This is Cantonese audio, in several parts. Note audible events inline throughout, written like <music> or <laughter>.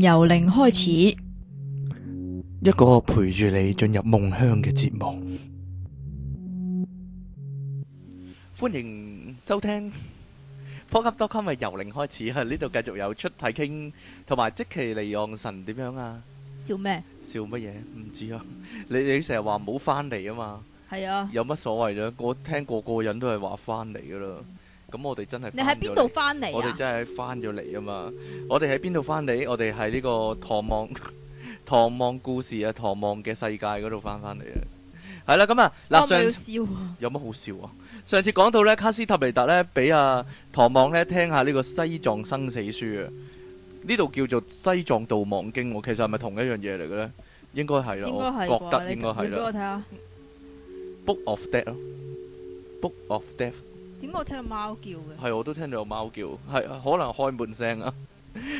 由零開始，一個陪住你進入夢鄉嘅節目，歡迎收聽波及多今日由零開始。喺呢度繼續有出體傾，同埋即期嚟讓神點樣啊？笑咩？笑乜嘢？唔知啊！你你成日話冇翻嚟啊嘛？係啊！有乜所謂啫？我聽個個人都係話翻嚟噶啦。咁我哋真係你喺邊度翻嚟？我哋真係翻咗嚟啊嘛！我哋喺邊度翻嚟？我哋喺呢個唐望唐 <laughs> 望故事啊，唐望嘅世界嗰度翻翻嚟嘅。係、 <laughs> 啊、啦，咁啊嗱，笑，有乜好笑啊？上次講到咧，卡斯塔尼達咧，俾阿唐望咧聽，聽下呢個西藏生死書啊。呢度叫做西藏度亡經、啊，其實係咪同一樣嘢嚟嘅咧？應該係咯，應該我覺得應該係咯。看看 Book of Death 咯，Book of Death。點解我聽到貓叫嘅？係，我都聽到有貓叫，係可能開門聲啊。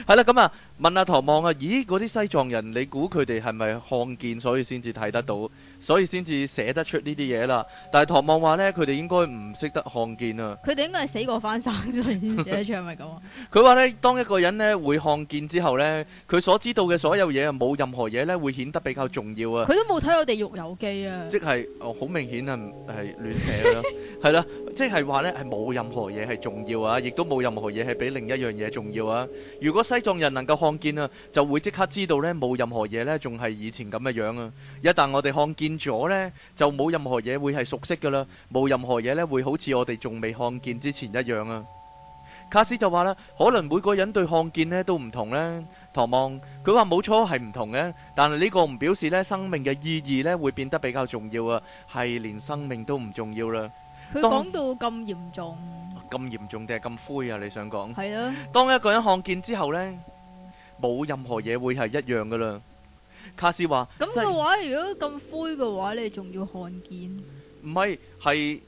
係啦，咁啊，問阿唐望啊，咦，嗰啲西藏人，你估佢哋係咪看見，所以先至睇得到，所以先至寫得出呢啲嘢啦？但係唐望話咧，佢哋應該唔識得看見啊。佢哋應該係死過翻生咗先寫得出，係咪咁啊？佢話咧，當一個人咧會看見之後咧，佢所知道嘅所有嘢啊，冇任何嘢咧會顯得比較重要啊。佢都冇睇我哋《地獄遊記》啊。即係，哦，好明顯係係亂寫咯，係啦。即係話呢，係冇任何嘢係重要啊，亦都冇任何嘢係比另一樣嘢重要啊。如果西藏人能夠看見啊，就會即刻知道呢冇任何嘢呢仲係以前咁嘅樣啊。一旦我哋看見咗呢，就冇任何嘢會係熟悉噶啦，冇任何嘢呢會好似我哋仲未看見之前一樣啊。卡斯就話啦，可能每個人對看見呢都唔同咧。唐望佢話冇錯係唔同嘅，但係呢個唔表示呢生命嘅意義呢會變得比較重要啊，係連生命都唔重要啦。佢講到咁嚴重，咁嚴重定係咁灰啊？你想講係啊？當一個人看見之後咧，冇任何嘢會係一樣噶啦。卡斯話咁嘅話，如果咁灰嘅話，你仲要看見？唔係，係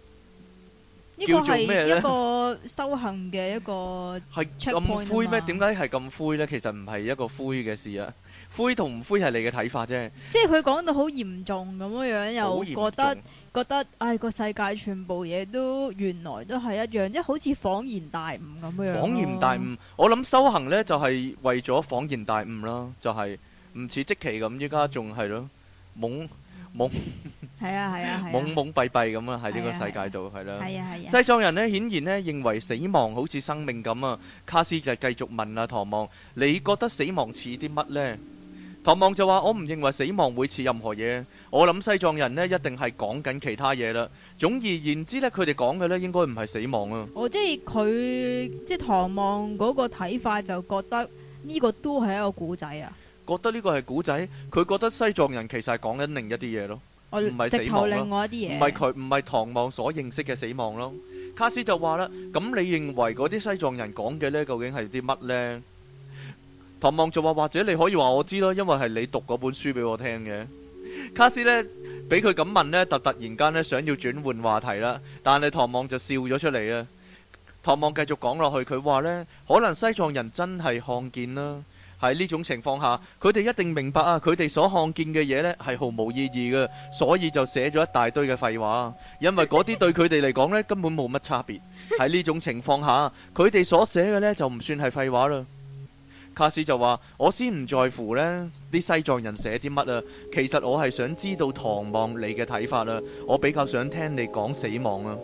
呢個係咩咧？一個修行嘅一個係咁灰咩？點解係咁灰咧？其實唔係一個灰嘅事啊，灰同唔灰係你嘅睇法啫。即係佢講到好嚴重咁樣樣，又覺得。覺得唉，哎這個世界全部嘢都原來都係一樣，即係好似恍然大悟咁樣。恍然大悟，我諗修行呢就係、是、為咗恍然大悟啦，就係唔似即期咁，依家仲係咯懵懵。係啊係啊係。懵懵閉閉咁啊，喺呢個世界度係啦。係啊係啊。啊啊啊，西藏人呢顯然呢認為死亡好似生命咁啊。卡斯就繼續問啊，唐望，你覺得死亡似啲乜呢？」唐望就話：我唔認為死亡會似任何嘢，我諗西藏人咧一定係講緊其他嘢啦。總而言之咧，佢哋講嘅咧應該唔係死亡啊。哦，即係佢即係唐望嗰個睇法，就覺得呢個都係一個古仔啊。覺得呢個係古仔，佢覺得西藏人其實係講緊另一啲嘢咯，唔係我死亡，唔係另外一啲嘢。唔係佢，唔係唐望所認識嘅死亡咯。卡斯就話啦：咁你認為嗰啲西藏人講嘅咧，究竟係啲乜咧？唐望就話，或者你可以話我知咯，因為係你讀嗰本書俾我聽嘅。卡斯呢，俾佢咁問呢，就突然間呢想要轉換話題啦。但係唐望就笑咗出嚟啊。唐望繼續講落去，佢話呢，可能西藏人真係看見啦。喺呢種情況下，佢哋一定明白啊，佢哋所看見嘅嘢呢係毫無意義嘅，所以就寫咗一大堆嘅廢話。因為嗰啲對佢哋嚟講呢根本冇乜差別。喺呢種情況下，佢哋所寫嘅呢就唔算係廢話啦。卡斯就話：我先唔在乎呢啲西藏人寫啲乜啊。其實我係想知道唐望你嘅睇法啦，啊。我比較想聽你講死亡啊。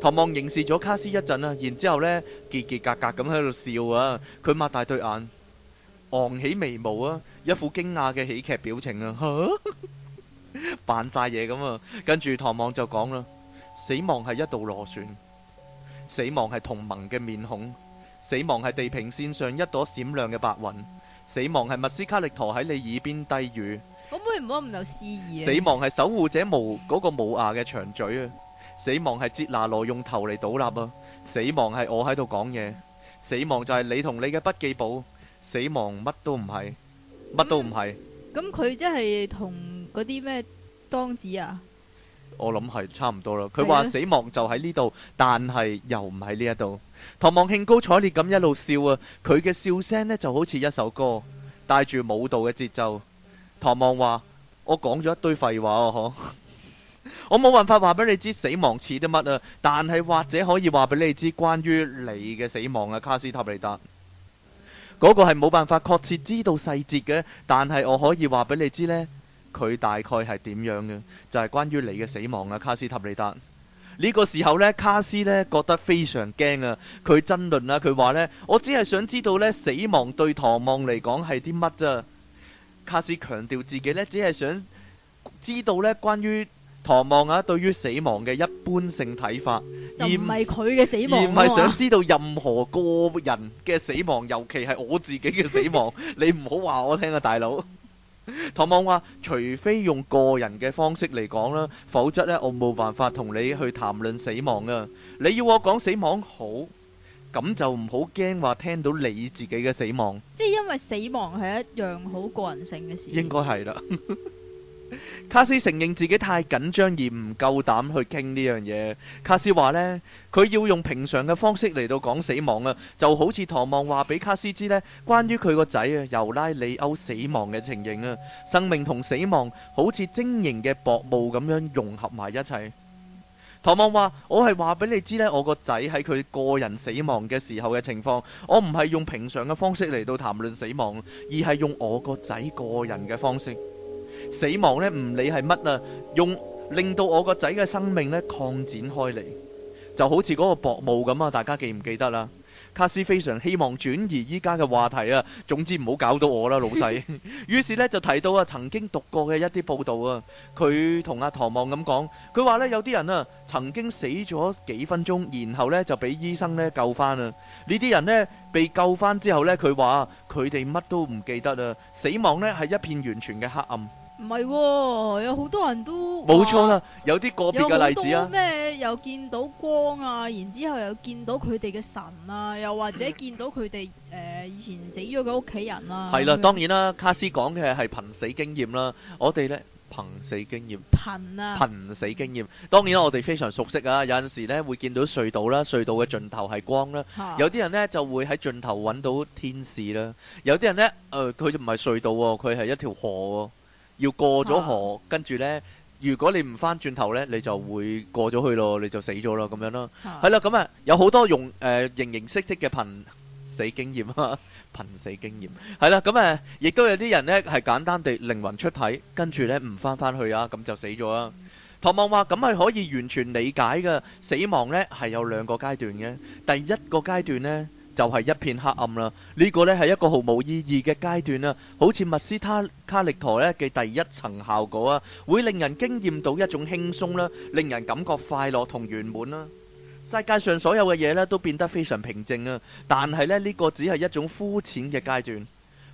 唐望凝視咗卡斯一陣啊，然之後呢結結格格咁喺度笑啊。佢擘大對眼，昂起眉毛啊，一副驚訝嘅喜劇表情啊。吓，扮晒嘢咁啊。跟住唐望就講啦：死亡係一道螺旋，死亡係同盟嘅面孔。死亡係地平線上一朵閃亮嘅白雲。嗯、死亡係密斯卡力陀喺你耳邊低語。好唔好唔好咁有詩意啊！死亡係守護者無嗰、嗯、個無牙嘅長嘴啊！死亡係捷拿羅用頭嚟倒立啊！死亡係我喺度講嘢。嗯、死亡就係你同你嘅筆記簿。死亡乜都唔係，乜都唔係。咁佢即係同嗰啲咩當子啊？我諗係差唔多啦。佢話、啊、死亡就喺呢度，但係又唔喺呢一度。唐望興高采烈咁一路笑啊！佢嘅笑聲呢就好似一首歌，帶住舞蹈嘅節奏。唐望話：我講咗一堆廢話啊！嗬， <laughs> 我冇辦法話俾你知死亡似啲乜啊！但係或者可以話俾你知關於你嘅死亡啊，卡斯塔利達。嗰、那個係冇辦法確切知道細節嘅，但係我可以話俾你知呢。佢大概係點樣嘅？就係、是、關於你嘅死亡啊，卡斯塔利達呢、這個時候呢，卡斯呢覺得非常驚啊！佢爭論啊，佢話呢：「我只係想知道呢，死亡對唐望嚟講係啲乜啫？」卡斯強調自己呢，只係想知道呢，關於唐望啊，對於死亡嘅一般性睇法，而唔係佢嘅死亡，而，而唔係想知道任何個人嘅死亡，尤其係我自己嘅死亡。 <laughs> 你唔好話我聽啊，大佬！唐望話：除非用個人嘅方式嚟講啦，否則咧我冇辦法同你去談論死亡呀。你要我講死亡好，咁就唔好驚話聽到你自己嘅死亡。即係因為死亡係一樣好個人性嘅事，應該係啦。 <laughs> 卡斯承認自己太緊張而唔夠膽去傾呢樣嘢。卡斯話呢，佢要用平常嘅方式嚟到講死亡啊，就好似唐望話俾卡斯知呢關於佢個仔啊尤拉里歐死亡嘅情形啊，生命同死亡好似晶瑩嘅薄霧咁樣融合埋一齊。唐望話：我係話俾你知呢，我個仔喺佢個人死亡嘅時候嘅情況，我唔係用平常嘅方式嚟到談論死亡，而係用我個仔個人嘅方式。死亡咧唔理係乜啊，用令到我個仔嘅生命咧擴展開嚟，就好似嗰個薄霧咁啊。大家記唔記得啦？卡斯非常希望轉移依家嘅話題啊。總之唔好搞到我啦， <laughs> 老細闆。於 <laughs> 是咧就提到啊，啊，曾經讀過嘅一啲報道啊。佢同阿唐望咁講，佢話咧有啲人啊曾經死咗幾分鐘，然後咧就俾醫生咧救翻啊。呢啲人呢，被救翻之後咧，佢話佢哋乜都唔記得啦。死亡咧係一片完全嘅黑暗。唔係、啊，有好多人都冇錯啦，有啲個別嘅例子啊。咩又見到光啊？然之後又見到佢哋嘅神啦、啊，又或者見到佢哋誒以前死咗嘅屋企人啦。係啦、啊，當然啦，卡斯講嘅係瀕死經驗啦。我哋呢，「瀕死經驗，瀕啊，瀕死經驗。當然啦，我哋非常熟悉啊。有陣時咧會見到隧道啦，隧道嘅盡頭係光啦。啊、有啲人呢，就會喺盡頭揾到天使啦。有啲人呢，誒、呃，佢就唔係隧道喎，佢係一條河。要過咗河，跟住呢，如果你唔翻轉頭呢，你就會過咗去咯，你就死咗啦，咁樣咯，係啦，咁 <noise> 啊樂、嗯、有好多用誒、呃、形形色色嘅瀕死經驗啊，瀕死經驗，係 <laughs> 啦，咁誒亦都有啲人呢係簡單地靈魂出體，跟住呢唔翻翻去啊，咁就死咗啊。唐望話：咁係可以完全理解嘅，死亡呢，係有兩個階段嘅，第一個階段呢，就係一片黑暗啦，呢個咧係一個毫無意義嘅階段啦，好似密斯卡力陀咧嘅第一層效果啊，會令人經驗到一種輕鬆啦，令人感覺快樂同圓滿啦。世界上所有嘅嘢，咧都變得非常平靜啊，但係咧呢個只係一種膚淺嘅階段，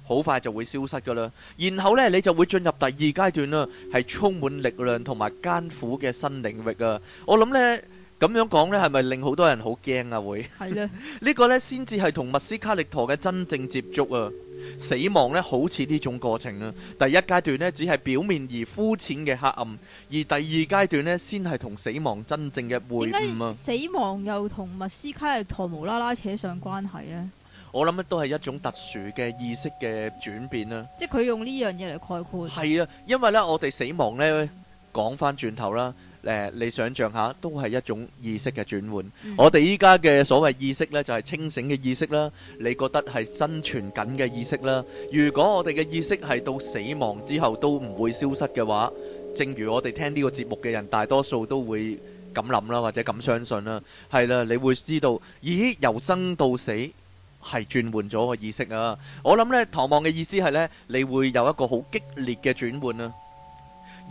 好快就會消失噶啦。然後咧你就會進入第二階段啦，係充滿力量同埋艱苦嘅新領域啊。我諗咧。咁樣講咧，係咪令好多人好驚啊？會係啦，呢個咧先至係同密斯卡力陀嘅真正接觸啊！死亡咧好似呢種過程啊！第一階段咧只係表面而膚淺嘅黑暗，而第二階段咧先係同死亡真正嘅會晤啊！死亡又同密斯卡力陀無啦啦扯上關係咧？我諗咧都係一種特殊嘅意識嘅轉變啊。即係佢用呢樣嘢嚟概括。係啊，因為咧我哋死亡咧講翻轉頭啦。誒，你想象下，都係一種意識嘅轉換。我哋依家嘅所謂意識呢，就係清醒嘅意識啦。你覺得係生存緊嘅意識啦。如果我哋嘅意識係到死亡之後都唔會消失嘅話，正如我哋聽呢個節目嘅人大多數都會咁諗啦，或者咁相信啦。係啦，你會知道，咦？由生到死係轉換咗個意識啊！我諗呢，唐望嘅意思係呢，你會有一個好激烈嘅轉換啊！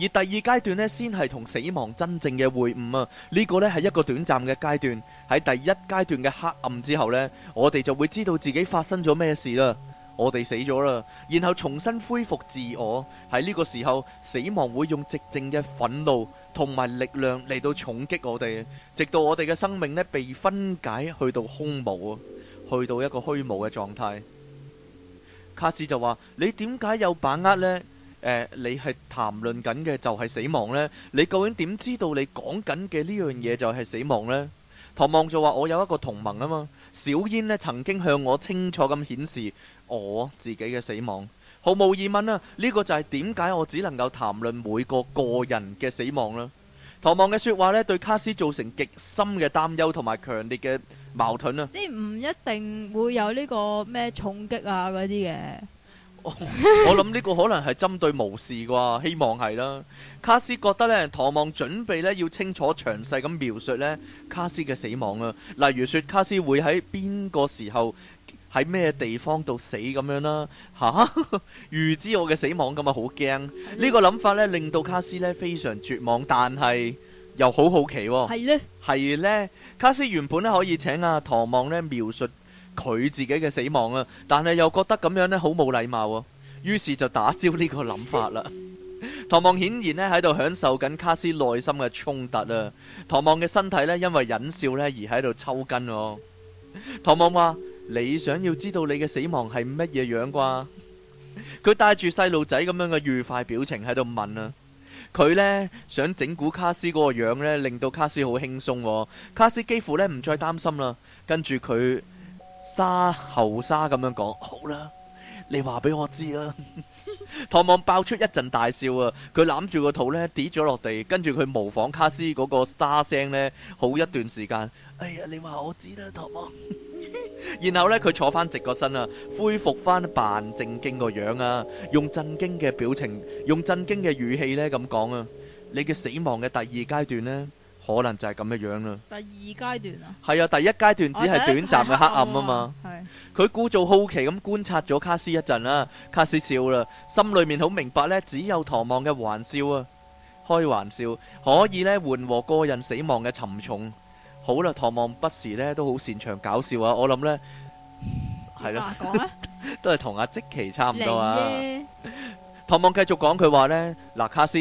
而第二階段咧，先係同死亡真正嘅會晤啊！這個、呢個咧係一個短暫嘅階段。喺第一階段嘅黑暗之後呢，我哋就會知道自己發生咗咩事啦。我哋死咗啦，然後重新恢復自我。喺呢個時候，死亡會用寂靜嘅憤怒同埋力量嚟到重擊我哋，直到我哋嘅生命咧被分解，去到空無啊，去到一個虛無嘅狀態。卡斯就話：「你點解有把握呢？」誒、呃，你係談論緊嘅就係死亡呢？你究竟點知道你講緊嘅呢樣嘢就係死亡呢？唐望就話：我有一個同盟啊嘛，小煙咧曾經向我清楚咁顯示我自己嘅死亡，毫無疑問啊！呢、這個就係點解我只能夠談論每個個人嘅死亡啦。唐望嘅説話咧，對卡斯造成極深嘅擔憂同埋強烈嘅矛盾啊！即係唔一定會有呢個咩重擊啊嗰啲嘅。 <laughs> 我諗呢個可能係針對無事啩、啊，希望係啦。卡斯覺得咧，唐望準備咧要清楚詳細咁描述咧卡斯嘅死亡啊，例如說卡斯會喺邊個時候喺咩地方度死咁樣啦、啊。吓、啊，預 <laughs> 知我嘅死亡咁啊，好驚！的個呢個諗法咧令到卡斯咧非常絕望，但係又好好奇、啊。係咧的，係咧。卡斯原本咧可以請阿唐望咧描述。佢自己嘅死亡啊，但係又覺得咁樣咧好冇禮貌啊，於是就打消呢個諗法啦。唐望顯然咧喺度享受緊卡斯內心嘅衝突啊。唐望嘅身體咧因為忍笑咧而喺度抽筋。唐望話：你想要知道你嘅死亡係乜嘢樣啩？佢帶住細路仔咁樣嘅愉快表情喺度問啊。佢咧想整蠱卡斯嗰個樣咧，令到卡斯好輕鬆。卡斯幾乎咧唔再擔心啦。跟住佢。沙後沙咁樣講，好啦，你話俾我知啦。唐 <laughs> 望爆出一陣大笑啊！佢攬住個肚呢，跌咗落地，跟住佢模仿卡斯嗰個沙聲呢，好一段時間。哎呀，你話我知啦，唐望。 <laughs> 然後呢，佢坐翻直個身啊，恢復翻扮正經個樣啊，用震驚嘅表情，用震驚嘅語氣呢咁講啊，你嘅死亡嘅第二階段呢。可能就係咁嘅樣啦。第二階段啊。係啊，第一階段只係短暫嘅黑暗啊嘛。係。佢故作好奇咁觀察咗卡斯一陣啦，卡斯笑啦，心裏面好明白咧，只有唐望嘅玩笑啊，開玩笑可以咧緩和個人死亡嘅沉重。好啦，唐望不時咧都好擅長搞笑啊，我諗咧係咯，都係同阿即奇差唔多啊。唐望繼續講佢話咧，嗱，卡斯。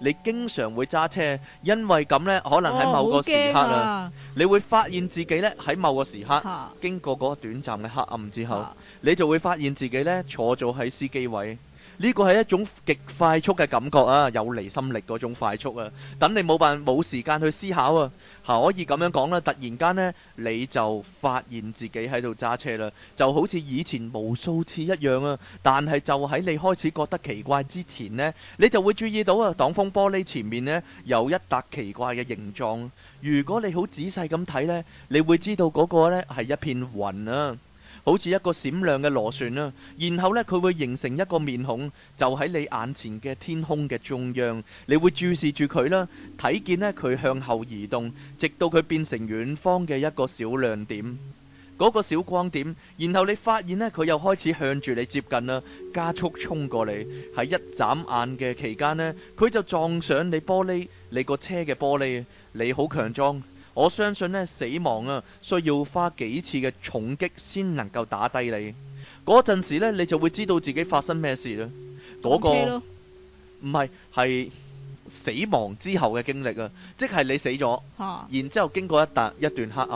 你經常會揸車，因為咁呢，可能喺某個時刻、哦、啊，你會發現自己呢，喺某個時刻經過嗰個短暫嘅黑暗之後，啊、你就會發現自己呢，坐咗喺司機位。呢個係一種極快速嘅感覺啊，有離心力嗰種快速啊，等你冇辦冇時間去思考啊，啊，可以咁樣講啦、啊。突然間呢，你就發現自己喺度揸車啦，就好似以前無數次一樣啊。但係就喺你開始覺得奇怪之前呢，你就會注意到啊，擋風玻璃前面呢，有一笪奇怪嘅形狀。如果你好仔細咁睇呢，你會知道嗰個呢係一片雲啊。好似一個閃亮嘅螺旋啦，然後咧佢會形成一個面孔，就喺你眼前嘅天空嘅中央，你會注視住佢啦，睇見咧佢向後移動，直到佢變成遠方嘅一個小亮點，嗰個小光點，然後你發現咧佢又開始向住你接近啦，加速衝過嚟，喺一眨眼嘅期間咧，佢就撞上你玻璃，你個車嘅玻璃，你好強壯。我相信咧死亡啊，需要花幾次嘅重擊先能夠打低你。嗰陣時咧，你就會知道自己發生咩事啦。嗰、嗰個唔係，係死亡之後嘅經歷啊，即係你死咗，然之後經過一笪一段黑暗，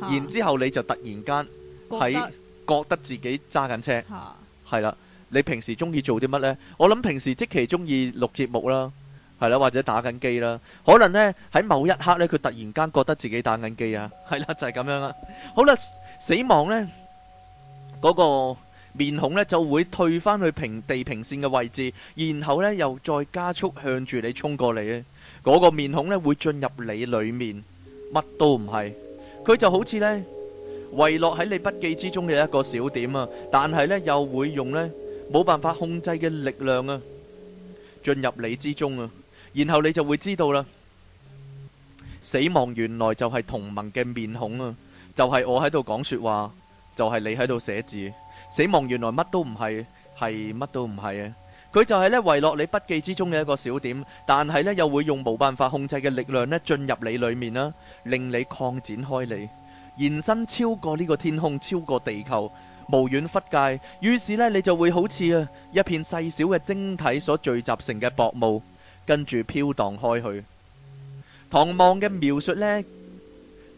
啊、然之後你就突然間喺覺，得覺得自己揸緊車，係啦、啊。你平時中意做啲乜呢？我諗平時即期中意錄節目啦。係啦，或者打緊機啦，可能咧喺某一刻咧，佢突然間覺得自己打緊機啊，係啦，就係咁樣啦。好啦，死亡咧，嗰個面孔咧就會退翻去平地平線嘅位置，然後咧又再加速向住你衝過嚟咧，嗰個面孔咧會進入你裏面，乜都唔係，佢就好似咧遺落喺你筆記之中嘅一個小點啊，但係咧又會用咧冇辦法控制嘅力量啊，進入你之中啊。然後你就會知道啦，死亡原來就係同盟嘅面孔啊，就係、是、我喺度講說話，就係、是、你喺度寫字。死亡原來乜都唔係，係乜都唔係啊！佢就係呢遺落你筆記之中嘅一個小點，但係呢又會用冇辦法控制嘅力量呢進入你裏面啦，令你擴展開你，延伸超過呢個天空，超過地球，無遠忽界。於是呢，你就會好似啊一片細小嘅晶體所聚集成嘅薄霧。跟住飄蕩開去。唐望嘅描述咧，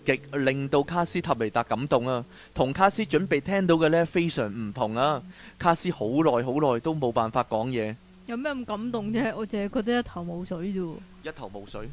極令到卡斯塔尼達感動啊。同卡斯準備聽到嘅咧非常唔同啊。卡斯好耐好耐都冇辦法講嘢。有咩咁感動啫？我淨係覺得一頭霧水啫。一頭霧水？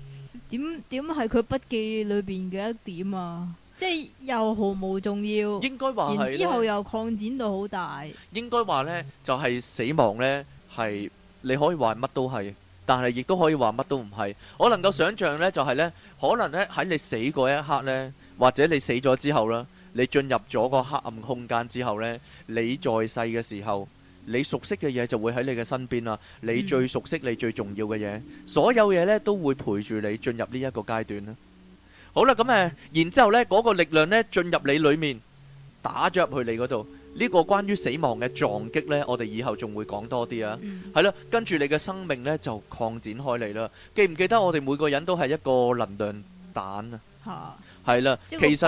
點點係佢筆記裏邊嘅一點啊？即係又毫無重要。應該話係。然之後又擴展到好大。應該話咧，就係死亡咧，係你可以話乜都係。但係亦都可以話乜都唔係，我能夠想象呢，就係呢，可能呢，喺你死嗰一刻呢，或者你死咗之後啦，你進入咗個黑暗空間之後呢，你在世嘅時候，你熟悉嘅嘢，就會喺你嘅身邊啦，你最熟悉你最重要嘅嘢，所有嘢呢，都會陪住你進入呢一個階段啦。好啦，咁、嗯、誒，然之後咧，嗰個力量呢，進入你裏面，打咗入去你嗰度。呢個關於死亡嘅撞擊呢，我哋以後仲會講多啲啊。係啦、嗯，跟住你嘅生命呢就擴展開嚟啦。記唔記得我哋每個人都係一個能量蛋啊？係啦，其實嗰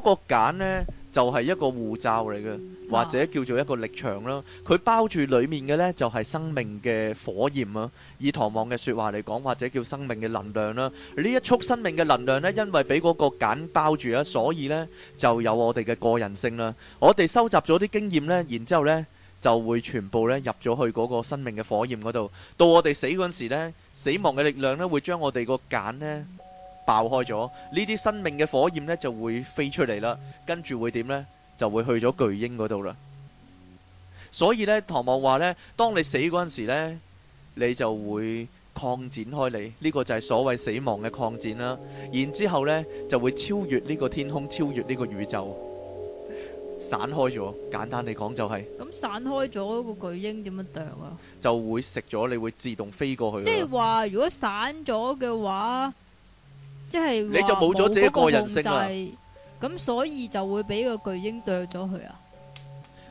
個蛋爆就係一個護罩嚟嘅，或者叫做一個力場啦。佢包住裡面嘅咧，就係生命嘅火焰啊！以唐望嘅説話嚟講，或者叫生命嘅能量啦。呢一束生命嘅能量咧，因為俾嗰個繭包住啊，所以咧就有我哋嘅個人性啦。我哋收集咗啲經驗咧，然之後咧就會全部咧入咗去嗰個生命嘅火焰嗰度。到我哋死嗰陣時咧，死亡嘅力量咧會將我哋個繭咧，爆開咗，呢啲生命嘅火焰呢就會飛出嚟啦。跟住會點呢？就會去咗巨鷹嗰度啦。所以呢，唐望話呢：「當你死嗰陣時呢，你就會擴展開你呢，這個就係所謂死亡嘅擴展啦。然之後呢，就會超越呢個天空，超越呢個宇宙，散開咗。簡單嚟講就係、是、咁、嗯，散開咗個巨鷹點樣啄啊？就會食咗，你會自動飛過去。即係話如果散咗嘅話。即係你就冇咗自己個人性啦，咁所以就會俾個巨嬰奪咗佢啊。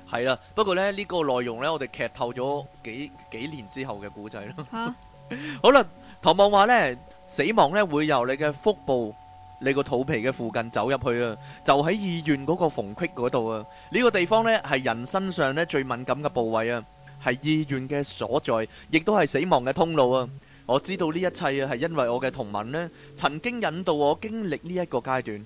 係啦，不過咧呢個內容咧，我哋劇透咗幾幾年之後嘅古仔囉。吓，好啦，唐望話咧，死亡咧會由你嘅腹部、你個肚皮嘅附近走入去啊，就喺意願嗰個縫隙嗰度啊。呢個地方咧係人身上咧最敏感嘅部位啊，係意願嘅所在，亦都係死亡嘅通路啊。我知道呢一切啊，係因為我嘅同盟咧，曾經引導我經歷呢一個階段。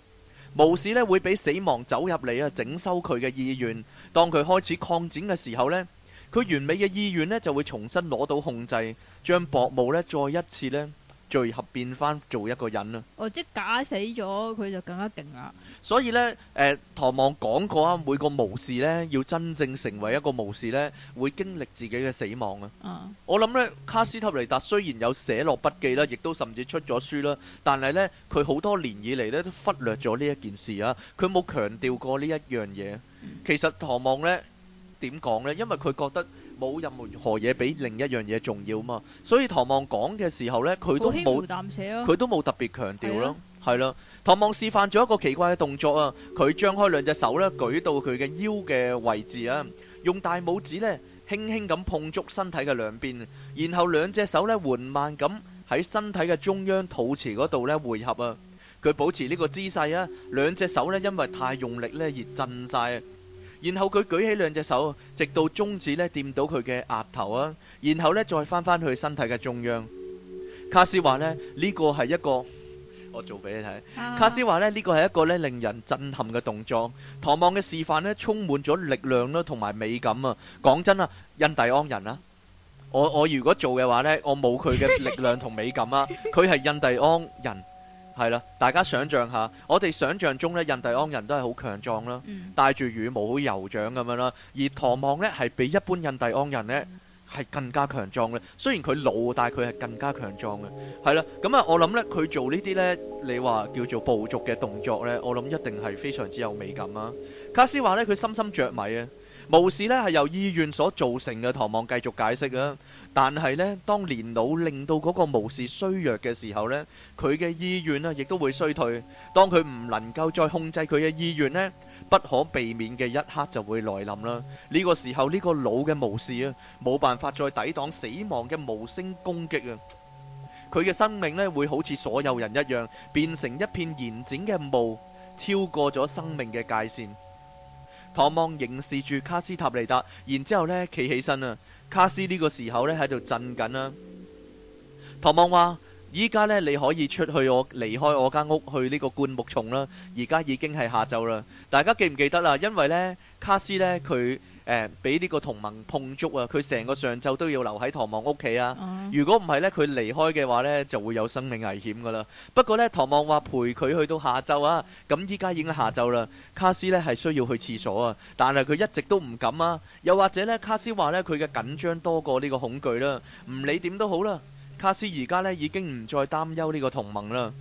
巫士咧會俾死亡走入嚟，啊，整修佢嘅意願。當佢開始擴展嘅時候呢，佢完美嘅意願咧就會重新攞到控制，將薄霧咧再一次咧，聚合變翻做一個人啦，哦，即係假死咗佢就更加勁啦。所以咧，誒，唐望講過啊，每個巫士咧要真正成為一個巫士咧，會經歷自己嘅死亡啊。我諗咧，卡斯塔尼達雖然有寫落筆記啦，亦都甚至出咗書啦，但係咧，佢好多年以嚟咧都忽略咗呢一件事啊。佢冇強調過呢一樣嘢。其實唐望咧點講咧？因為佢覺得。冇任何嘢比另一樣嘢重要嘛，所以唐望講嘅時候呢，佢都冇佢都冇特別強調咯，係啦。唐望示範咗一個奇怪嘅動作啊，佢張開兩隻手呢，舉到佢嘅腰嘅位置啊，用大拇指呢輕輕咁碰觸身體嘅兩邊，然後兩隻手呢緩慢咁喺身體嘅中央肚臍嗰度呢匯合啊。佢保持呢個姿勢啊，兩隻手呢因為太用力呢而震晒。然後佢舉起兩隻手，直到中指咧掂到佢嘅額頭啊，然後咧再翻翻去身體嘅中央。卡斯話呢，呢、呢個係一個，我做俾你睇。啊、卡斯話呢，呢、呢個係一個咧令人震撼嘅動作。唐望嘅示範咧充滿咗力量咯，同埋美感啊！講真啊，印第安人啊，我我如果做嘅話呢，我冇佢嘅力量同美感啊！佢係 <laughs> 印第安人。係啦，大家想象下，我哋想象中咧，印第安人都係好強壯啦，嗯、帶住羽毛、好酋長咁樣啦。而唐望咧係比一般印第安人咧係、嗯、更加強壯咧。雖然佢老，但係佢係更加強壯嘅。係啦、嗯，咁啊，我諗咧佢做呢啲咧，你話叫做部族嘅動作咧，我諗一定係非常之有美感啊。卡斯話咧，佢深深着迷啊。巫士咧係由意願所造成嘅，唐望繼續解釋啊。但係呢，當年老令到嗰個巫士衰弱嘅時候呢，佢嘅意願啊，亦都會衰退。當佢唔能夠再控制佢嘅意願呢，不可避免嘅一刻就會來臨啦。呢個時候，呢個老嘅巫士啊，冇辦法再抵擋死亡嘅無聲攻擊啊。佢嘅生命呢，會好似所有人一樣，變成一片延展嘅霧，超過咗生命嘅界線。唐望凝視住卡斯塔利達，然之後呢企起身啦。卡斯呢個時候呢喺度震緊啦。唐望話：依家呢你可以出去我離開我間屋去呢個灌木叢啦。而家已經係下晝啦。大家記唔記得啦？因為呢卡斯呢，佢。誒俾呢個同盟碰觸啊！佢成個上晝都要留喺唐望屋企啊。嗯、如果唔係呢，佢離開嘅話呢，就會有生命危險噶啦。不過呢，唐望話陪佢去到下晝啊。咁依家已經下晝啦。卡斯呢係需要去廁所啊，但係佢一直都唔敢啊。又或者呢，卡斯話呢，佢嘅緊張多過呢個恐懼啦、啊。唔理點都好啦、啊，卡斯而家呢已經唔再擔憂呢個同盟啦。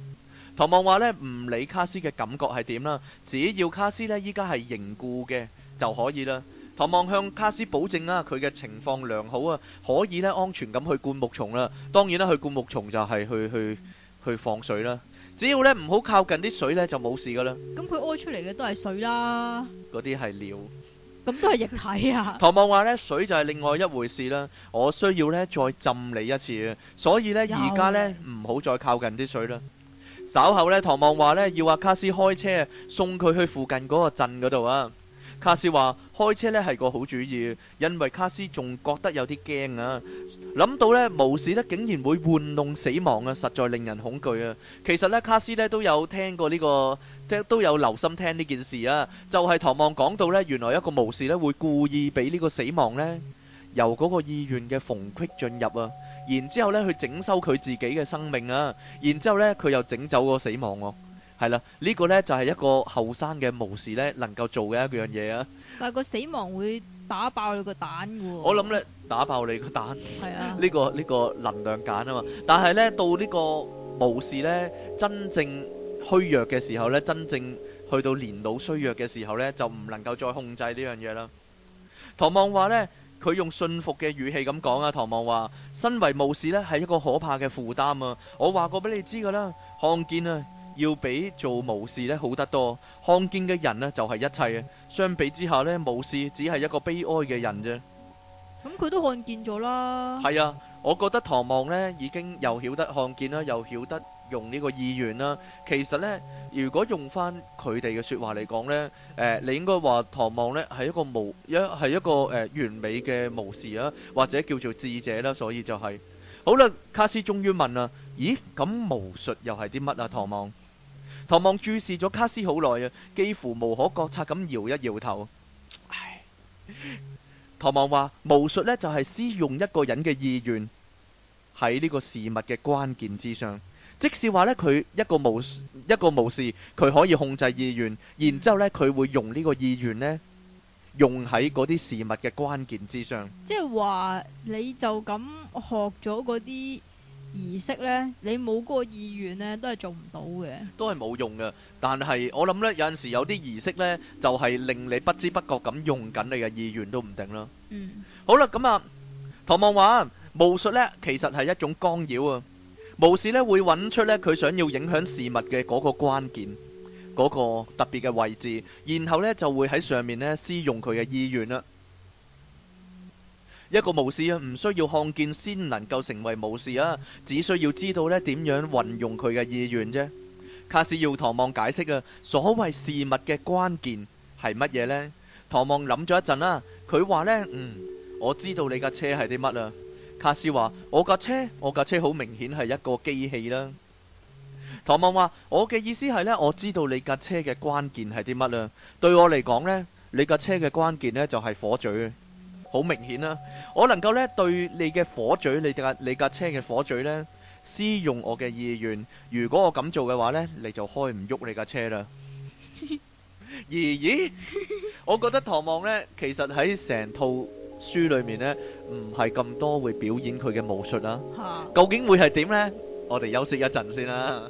唐望話呢，唔理卡斯嘅感覺係點啦，只要卡斯呢依家係凝固嘅就可以啦。唐望向卡斯保證啦，佢嘅情況良好啊，可以咧安全咁去灌木叢啦。當然啦，去灌木叢就係去去去放水啦。只要咧唔好靠近啲水咧，就冇事噶啦。咁佢屙出嚟嘅都係水啦。嗰啲係尿。咁都係液體啊。唐望話咧，水就係另外一回事啦。我需要咧再浸你一次，所以咧而家咧唔好再靠近啲水啦。稍後咧，唐望話咧要阿卡斯開車送佢去附近嗰個鎮嗰度啊。卡斯話：開車呢係個好主意，因為卡斯仲覺得有啲驚啊！諗到呢，巫士呢竟然會玩弄死亡啊，實在令人恐懼啊！其實呢，卡斯呢都有聽過呢、這個，聽都有留心聽呢件事啊！就係、是、唐望講到呢，原來一個巫士呢會故意俾呢個死亡呢由嗰個意願嘅縫隙進入啊，然之後呢去整修佢自己嘅生命啊，然之後呢佢又整走個死亡喎。係啦，呢個咧就係一個後生嘅巫士咧，能夠做嘅一樣嘢啊。但係個死亡會打爆你個蛋嘅。我諗咧，打爆你個蛋係啊。呢個呢個能量彈啊嘛。但係咧到呢個巫士咧真正虛弱嘅時候咧，真正去到年老衰弱嘅時候咧，就唔能夠再控制呢樣嘢啦。唐望話咧，佢用信服嘅語氣咁講啊。唐望話，身為巫士咧係一個可怕嘅負擔啊。我話過俾你知噶啦，看見啊。要比做巫士，呢好得多，看見嘅人呢就係一切啊！相比之下呢，巫士只係一個悲哀嘅人啫。咁佢都看見咗啦。係啊，我覺得唐望呢已經又曉得看見啦，又曉得用呢個意願啦。其實呢，如果用返佢哋嘅說話嚟講呢，誒，你應該話唐望呢係一個無一係一個誒完美嘅巫士啊，或者叫做智者啦。所以就係好啦，卡斯終於問啦，咦，咁巫術又係啲乜啊？唐望？唐望注視咗卡斯好耐啊，幾乎無可覺察咁搖一搖頭。唉，唐望話巫術呢就係施用一個人嘅意願喺呢個事物嘅關鍵之上。即使話呢，佢一個巫一個巫師，佢可以控制意願，然之後呢佢會用呢個意願呢用喺嗰啲事物嘅關鍵之上。即係話你就咁學咗嗰啲。儀式呢，你冇嗰個意願呢，都係做唔到嘅，都係冇用嘅。但係我諗呢，有陣時有啲儀式呢，就係、是、令你不知不覺咁用緊你嘅意願都唔定啦。嗯、好啦，咁啊，唐望話，巫術呢其實係一種干擾啊，巫師呢會搵出呢佢想要影響事物嘅嗰個關鍵，嗰、那個特別嘅位置，然後呢就會喺上面呢施用佢嘅意願啦、啊。一個巫師啊，唔需要看見先能夠成為巫師啊，只需要知道咧點樣運用佢嘅意願啫。卡斯要唐望解釋啊，所謂事物嘅關鍵係乜嘢呢？唐望諗咗一陣啦，佢話呢：「嗯，我知道你架車係啲乜啊。」卡斯話：「我架車，我架車好明顯係一個機器啦。」唐望話：「我嘅意思係呢，我知道你架車嘅關鍵係啲乜啊。」對我嚟講呢，你架車嘅關鍵呢就係火嘴。好明顯啦，我能夠咧對你嘅火嘴，你架你架車嘅火嘴咧，施用我嘅意願。如果我咁做嘅話咧，你就開唔喐你架車啦。咦咦，我覺得唐望咧，其實喺成套書裏面咧，唔係咁多會表演佢嘅武術啦。究竟會係點咧？我哋休息一陣先啦，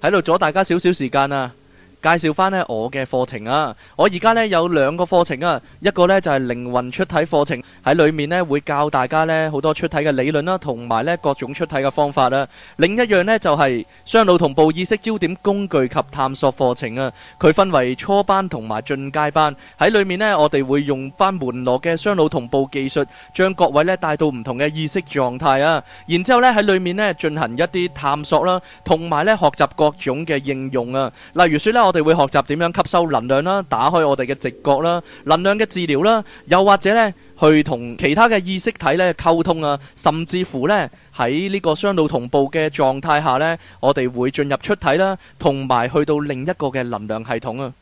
喺度阻大家少少時間啊。介紹翻咧我嘅課程啊！我而家咧有兩個課程啊，一個咧就係靈魂出體課程。喺裏面咧會教大家咧好多出體嘅理論啦，同埋咧各種出體嘅方法啦。另一樣呢就係雙腦同步意識焦點工具及探索課程啊。佢分為初班同埋進階班。喺裏面呢，我哋會用翻門羅嘅雙腦同步技術，將各位咧帶到唔同嘅意識狀態啊。然之後咧喺裏面咧進行一啲探索啦，同埋咧學習各種嘅應用啊。例如說咧，我哋會學習點樣吸收能量啦，打開我哋嘅直覺啦，能量嘅治療啦，又或者咧。去同其他嘅意識體咧溝通啊，甚至乎呢，喺呢個雙腦同步嘅狀態下呢，我哋會進入出體啦，同埋去到另一個嘅能量系統啊。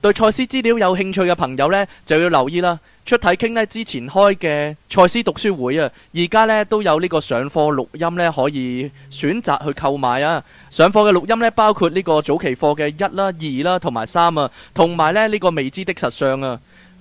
對賽斯資料有興趣嘅朋友呢，就要留意啦。出體傾呢之前開嘅賽斯讀書會啊，而家呢都有呢個上課錄音呢，可以選擇去購買啊。上課嘅錄音呢，包括呢個早期課嘅一啦、二啦同埋三啊，同埋呢呢個未知的實相啊。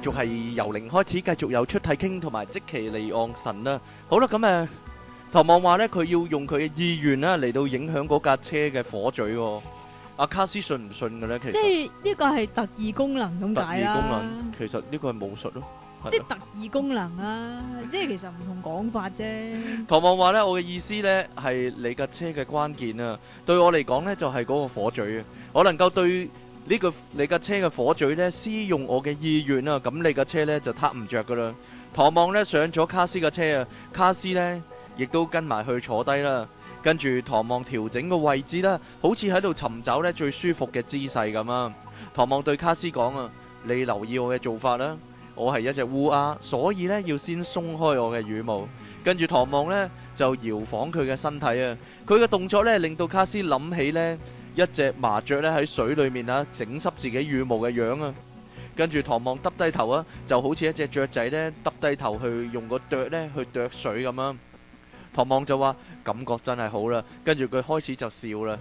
繼續係由零開始，繼續有出體傾同埋即其離岸神啦。好啦，咁啊，唐望話咧，佢要用佢嘅意願啦，嚟到影響嗰架車嘅火嘴。阿卡斯信唔信嘅咧？即係呢個係特異功能咁解啦。其實呢個係武術咯，即係特異功能啦，即係其實唔同講法啫。唐望話咧，我嘅意思咧係你架車嘅關鍵啊，對我嚟講咧就係嗰個火嘴啊，我能夠對。呢個你架車嘅火嘴呢，私用我嘅意願啊，咁你架車呢，就撻唔着噶啦。唐望呢，上咗卡斯嘅車啊，卡斯呢，亦都跟埋去坐低啦。跟住唐望調整個位置啦，好似喺度尋找呢最舒服嘅姿勢咁啊。唐望對卡斯講啊，你留意我嘅做法啦，我係一隻烏鴉，所以呢，要先鬆開我嘅羽毛。跟住唐望呢，就搖晃佢嘅身體啊，佢嘅動作呢，令到卡斯諗起呢。一隻麻雀咧喺水裏面啊，整濕自己羽毛嘅樣啊，跟住唐望耷低頭啊，就好似一隻雀仔咧耷低頭去用個啄咧去啄水咁樣。唐望就話，感覺真係好啦，跟住佢開始就笑啦。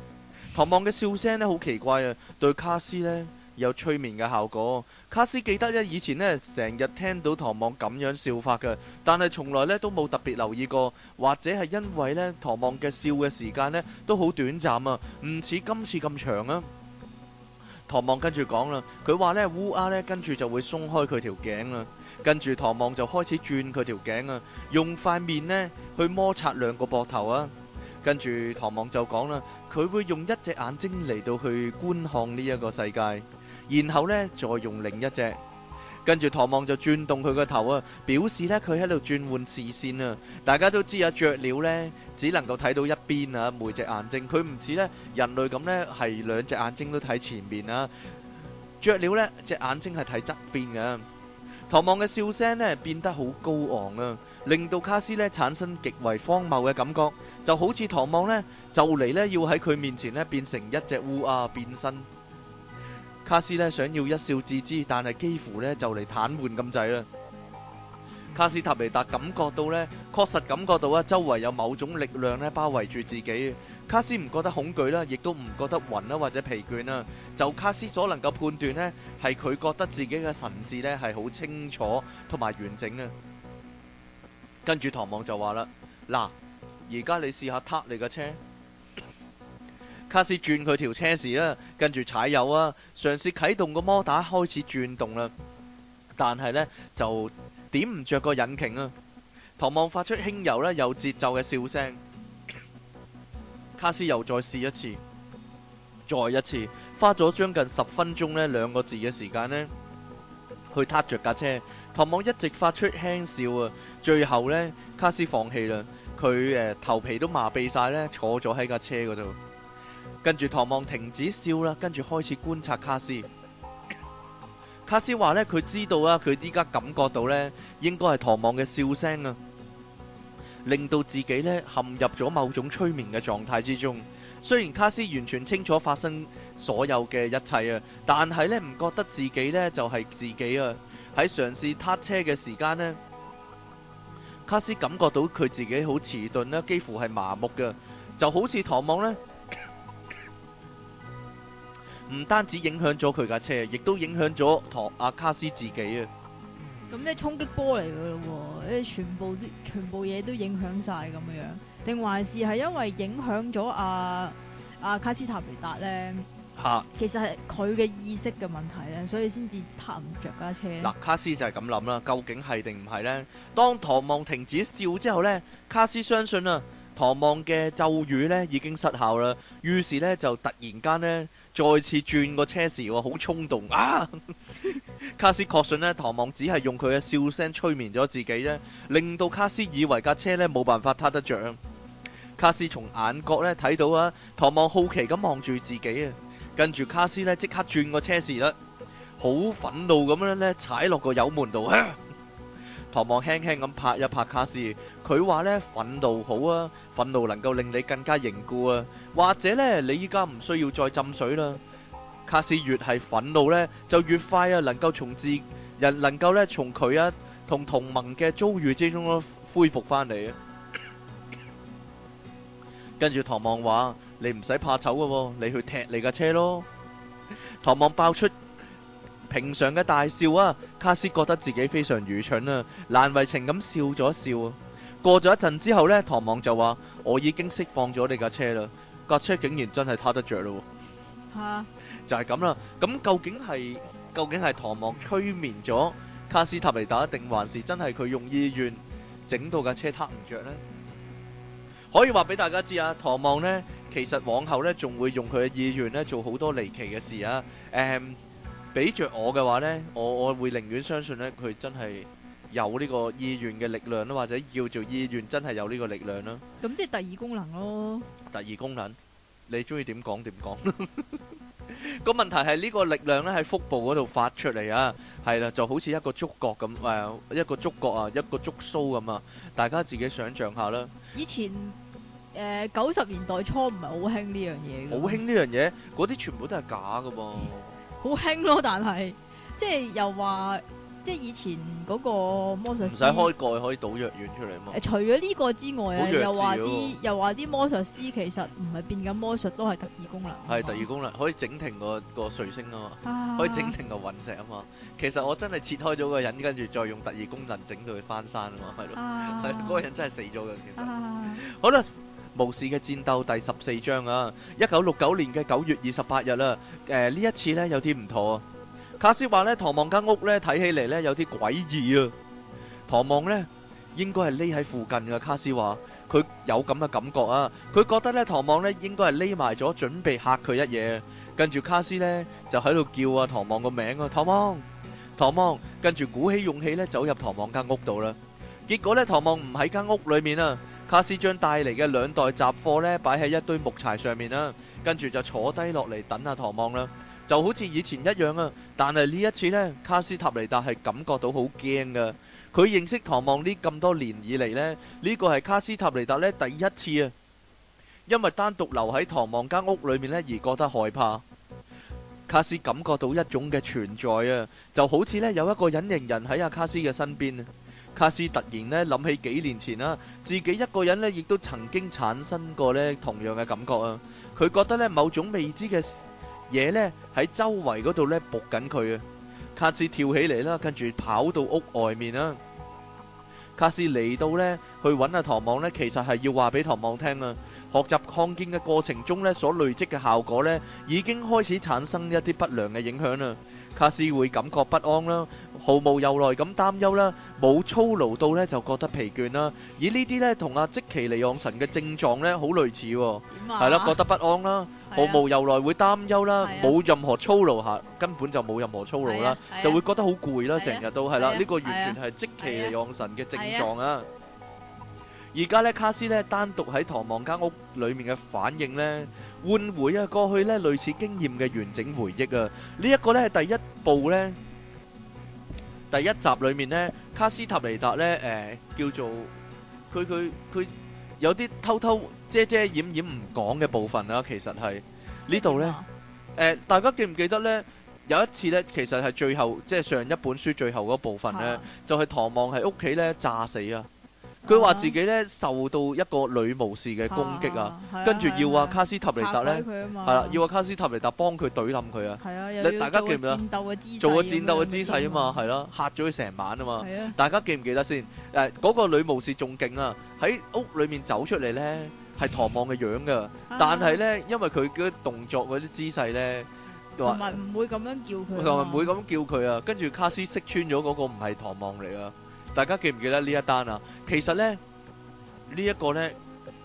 唐望嘅笑聲咧好奇怪啊，對卡斯咧，有催眠嘅效果。卡斯記得呢，以前呢成日聽到唐望咁樣笑法嘅，但係從來呢都冇特別留意過，或者係因為呢唐望嘅笑嘅時間呢都好短暫啊，唔似今次咁長啊。唐望跟住講啦，佢話呢烏鴉呢跟住就會鬆開佢條頸啊，跟住唐望就開始轉佢條頸啊，用塊面呢去摩擦兩個膊頭啊，跟住唐望就講啦，佢會用一隻眼睛嚟到去觀看呢一個世界。然後呢，再用另一隻，跟住唐望就轉動佢個頭啊，表示呢，佢喺度轉換視線啊！大家都知啊，雀鳥呢，只能夠睇到一邊啊，每隻眼睛佢唔似呢人類咁呢，係兩隻眼睛都睇前面啊，雀鳥呢，隻眼睛係睇側邊啊。唐望嘅笑聲呢，變得好高昂啊，令到卡斯呢產生極為荒謬嘅感覺，就好似唐望呢，就嚟呢，要喺佢面前呢變成一隻烏鴉變身。卡斯咧想要一笑置之，但係幾乎咧就嚟癱瘓咁滯啦。卡斯塔尼達感覺到咧，確實感覺到啊，周圍有某種力量咧包圍住自己。卡斯唔覺得恐懼啦，亦都唔覺得暈啦或者疲倦啦。就卡斯所能夠判斷咧，係佢覺得自己嘅神智咧係好清楚同埋完整啊。跟住唐望就話啦：嗱，而家你試下撻你嘅車。卡斯轉佢條車匙啦，跟住踩油啊，嘗試啟動個摩打，開始轉動啦。但係呢，就點唔着個引擎啊。唐望發出輕柔呢，有節奏嘅笑聲。卡斯又再試一次，再一次花咗將近十分鐘呢兩個字嘅時間呢，去踏着架車。唐望一直發出輕笑啊。最後呢，卡斯放棄啦，佢誒、呃、頭皮都麻痹晒呢，坐咗喺架車嗰度。跟住，唐望停止笑啦，跟住開始觀察卡斯。卡斯話呢，佢知道啊，佢依家感覺到呢，應該係唐望嘅笑聲啊，令到自己呢陷入咗某種催眠嘅狀態之中。雖然卡斯完全清楚發生所有嘅一切啊，但係呢，唔覺得自己呢就係自己啊。喺嘗試撻車嘅時間呢，卡斯感覺到佢自己好遲鈍啦，幾乎係麻木嘅，就好似唐望呢。唔單止影響咗佢架車，亦都影響咗陀阿卡斯自己啊！咁即係衝擊波嚟噶咯喎，即全部啲全部嘢都影響晒咁樣樣，定還是係因為影響咗阿阿卡斯塔皮達咧？吓，其實係佢嘅意識嘅問題咧，所以先至踏唔着架車。嗱、啊，卡斯就係咁諗啦，究竟係定唔係咧？當唐望停止笑之後咧，卡斯相信啦、啊。唐望嘅咒語呢，已經失效啦，於是呢，就突然間呢，再次轉個車匙，好衝動啊！ <laughs> 卡斯確信呢，唐望只係用佢嘅笑聲催眠咗自己呢，令到卡斯以為架車呢冇辦法撻得着。卡斯從眼角呢睇到啊，唐望好奇咁望住自己啊，跟住卡斯呢即刻轉個車匙啦，好憤怒咁樣呢，踩落個油門度。啊唐望輕輕咁拍一拍卡斯，佢話呢：「憤怒好啊，憤怒能夠令你更加凝固啊，或者呢，你依家唔需要再浸水啦。」卡斯越係憤怒呢，就越快啊能夠從自人能夠呢從佢啊同同盟嘅遭遇之中啊恢復翻嚟啊。跟住唐望話：你唔使怕醜噶，你去踢你架車咯。唐望爆出。平常嘅大笑啊，卡斯覺得自己非常愚蠢啊，難為情咁笑咗一笑啊。過咗一陣之後呢，唐望就話：我已經釋放咗你架車啦，架車竟然真係撻得着咯。吓，就係咁啦。咁究竟係究竟係唐望催眠咗卡斯塔尼達，定還是真係佢用意願整到架車撻唔着呢？可以話俾大家知啊，唐望呢其實往後呢仲會用佢嘅意願呢做好多離奇嘅事啊。誒。俾著我嘅話咧，我我會寧願相信咧，佢真係有呢個意願嘅力量啦，或者要做意願真係有呢個力量啦。咁即係第二功能咯。第二功能，你中意點講點講。個問題係呢個力量咧，喺腹部嗰度發出嚟啊，係啦，就好似一個觸角咁誒，一個觸角啊，一個觸鬚咁啊，大家自己想象下啦。以前誒九十年代初唔係好興呢樣嘢嘅。好興呢樣嘢，嗰啲全部都係假㗎噃。好輕咯，但係即係又話，即係以前嗰個魔術師唔使開蓋可以倒藥丸出嚟嘛？誒，除咗呢個之外，又話啲又話啲魔術師其實唔係變緊魔術，都係特異功能。係特異功能，可以整停個個彗星啊嘛，啊可以整停個隕石啊嘛。其實我真係切開咗個人，跟住再用特異功能整到佢翻山啊嘛，係咯，係嗰、啊、個人真係死咗㗎。其實、啊、好啦。《巫師嘅戰鬥》第十四章啊，一九六九年嘅九月二十八日啦。誒，呢一次呢，有啲唔妥啊。卡斯話呢，唐望間屋呢，睇起嚟呢，有啲詭異啊。唐望呢，應該係匿喺附近嘅。卡斯話佢有咁嘅感覺啊，佢覺得呢，唐望呢，應該係匿埋咗，準備嚇佢一嘢。跟住卡斯呢，就喺度叫啊，唐望個名啊，唐望，唐望。跟住鼓起勇氣呢，走入唐望間屋度啦。結果呢，唐望唔喺間屋裏面啊。卡斯將帶嚟嘅兩袋雜貨呢，擺喺一堆木柴上面啦，跟住就坐低落嚟等阿唐望啦，就好似以前一樣啊！但係呢一次呢，卡斯塔尼達係感覺到好驚噶。佢認識唐望呢，咁多年以嚟呢，呢個係卡斯塔尼達呢第一次啊，因為單獨留喺唐望間屋裏面呢而覺得害怕。卡斯感覺到一種嘅存在啊，就好似呢，有一個隱形人喺阿卡斯嘅身邊。卡斯突然咧諗起幾年前啦，自己一個人咧亦都曾經產生過咧同樣嘅感覺啊！佢覺得咧某種未知嘅嘢咧喺周圍嗰度咧伏緊佢啊！卡斯跳起嚟啦，跟住跑到屋外面啦。卡斯嚟到咧去揾阿唐望咧，其實係要話俾唐望聽啊！學習抗肩嘅過程中咧所累積嘅效果咧已經開始產生一啲不良嘅影響啦！卡斯會感覺不安啦。毫無由來咁擔憂啦，冇操勞到咧就覺得疲倦啦。而呢啲咧同阿積奇尼昂神嘅症狀咧好類似，係咯，覺得不安啦，毫無由來會擔憂啦，冇任何操勞吓，根本就冇任何操勞啦，就會覺得好攰啦，成日都係啦。呢個完全係積奇尼昂神嘅症狀啊。而家咧，卡斯咧單獨喺唐望間屋裏面嘅反應咧，喚回啊過去咧類似經驗嘅完整回憶啊。呢一個咧係第一步咧。第一集裏面呢，卡斯塔尼達呢誒、呃、叫做佢佢佢有啲偷偷遮遮掩掩唔講嘅部分啦，其實係呢度呢、啊呃，大家記唔記得呢？有一次呢，其實係最後即係上一本書最後嗰部分呢，啊、就係唐望喺屋企呢炸死啊！佢話自己咧受到一個女巫士嘅攻擊啊，跟住要啊卡斯塔尼達咧，係啦，要啊卡斯塔尼達幫佢對冧佢啊。係啊，大家記唔記得？做個戰鬥嘅姿勢啊嘛，係咯，嚇咗佢成晚啊嘛。大家記唔記得先？誒，嗰個女巫士仲勁啊，喺屋裏面走出嚟咧，係唐望嘅樣噶。但係咧，因為佢嘅動作嗰啲姿勢咧，同埋唔會咁樣叫佢。同埋唔會咁叫佢啊！跟住卡斯識穿咗嗰個唔係唐望嚟啊！大家記唔記得呢一單啊？其實呢，呢、這、一個呢，誒、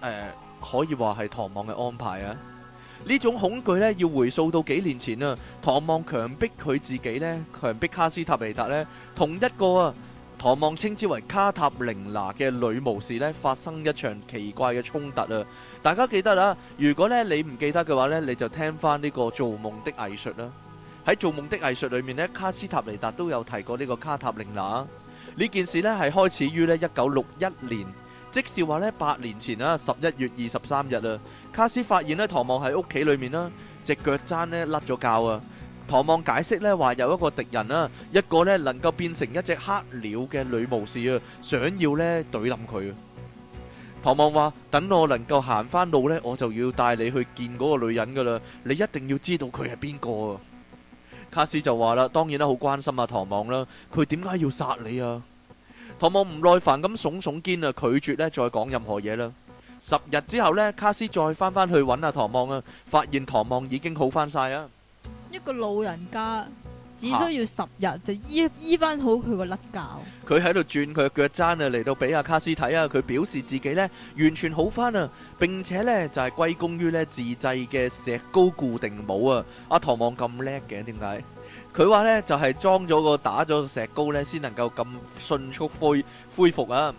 呃、可以話係唐望嘅安排啊。呢種恐懼呢，要回溯到幾年前啊。唐望強迫佢自己呢，強迫卡斯塔尼達呢，同一個啊，唐望稱之為卡塔玲娜嘅女巫士呢，發生一場奇怪嘅衝突啊。大家記得啦、啊，如果咧你唔記得嘅話呢，你就聽翻呢、這個《做夢的藝術》啦。喺《做夢的藝術》裏面呢，卡斯塔尼達都有提過呢個卡塔玲娜。呢件事咧係開始於咧一九六一年，即是話咧八年前啦，十一月二十三日啦，卡斯發現咧唐望喺屋企裏面啦，隻腳踭咧甩咗臼啊！唐望解釋咧話有一個敵人啦，一個咧能夠變成一隻黑鳥嘅女巫士啊，想要咧懟冧佢。唐望話：等我能夠行翻路咧，我就要帶你去見嗰個女人噶啦，你一定要知道佢係邊個啊！卡斯就話啦，當然啦，好關心阿、啊、唐望啦，佢點解要殺你啊？唐望唔耐煩咁聳聳肩啊，拒絕咧再講任何嘢啦。十日之後呢，卡斯再返返去揾阿唐望啊，發現唐望已經好翻晒啊，一個老人家。只需要十日就醫醫翻好佢個甩臼，佢喺度轉佢嘅腳踭啊，嚟到俾阿卡斯睇啊，佢表示自己呢完全好翻啊，並且呢就係、是、歸功於呢自製嘅石膏固定帽啊，阿、啊、唐望咁叻嘅點解？佢話呢就係裝咗個打咗石膏呢，先能夠咁迅速恢恢復啊。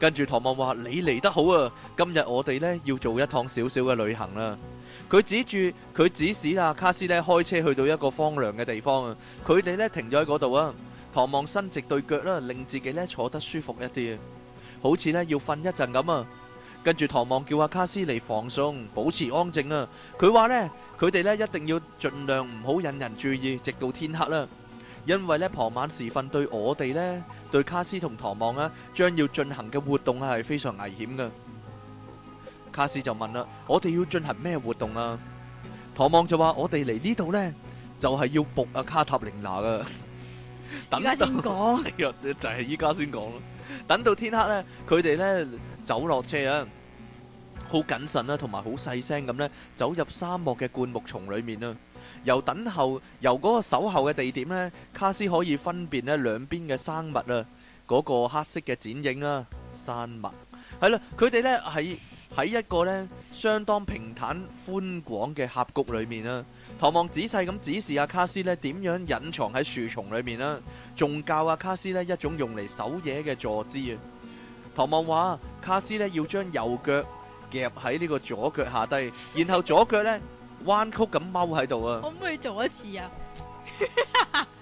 跟住唐望話：你嚟得好啊，今日我哋呢要做一趟小小嘅旅行啦。佢指住佢指使阿卡斯呢開車去到一個荒涼嘅地方啊。佢哋呢停咗喺嗰度啊。唐望伸直對腳啦，令自己呢坐得舒服一啲啊，好似呢要瞓一陣咁啊。跟住唐望叫阿卡斯嚟放鬆，保持安靜啊。佢話呢，佢哋呢一定要盡量唔好引人注意，直到天黑啦，因為呢傍晚時分對我哋呢，對卡斯同唐望啊，將要進行嘅活動係非常危險嘅。卡斯就問啦：我哋要進行咩活動啊？唐望就話：我哋嚟呢度咧，就係要捕阿卡塔玲娜啊。依家先講，就係依家先講咯。等到天黑咧，佢哋咧走落車啊，好謹慎啊，同埋好細聲咁咧，走入沙漠嘅灌木叢裏面啊。由等候由嗰個守候嘅地點咧，卡斯可以分辨咧兩邊嘅生物啊。嗰個黑色嘅剪影啊，生物。係啦，佢哋咧喺。喺一個咧，相當平坦寬廣嘅峽谷裏面啦，唐望仔細咁指示阿卡斯咧點樣隱藏喺樹叢裏面啦，仲教阿卡斯咧一種用嚟守夜嘅坐姿啊。唐望話：卡斯咧要將右腳夾喺呢個左腳下低，然後左腳咧彎曲咁踎喺度啊。可唔可以做一次啊？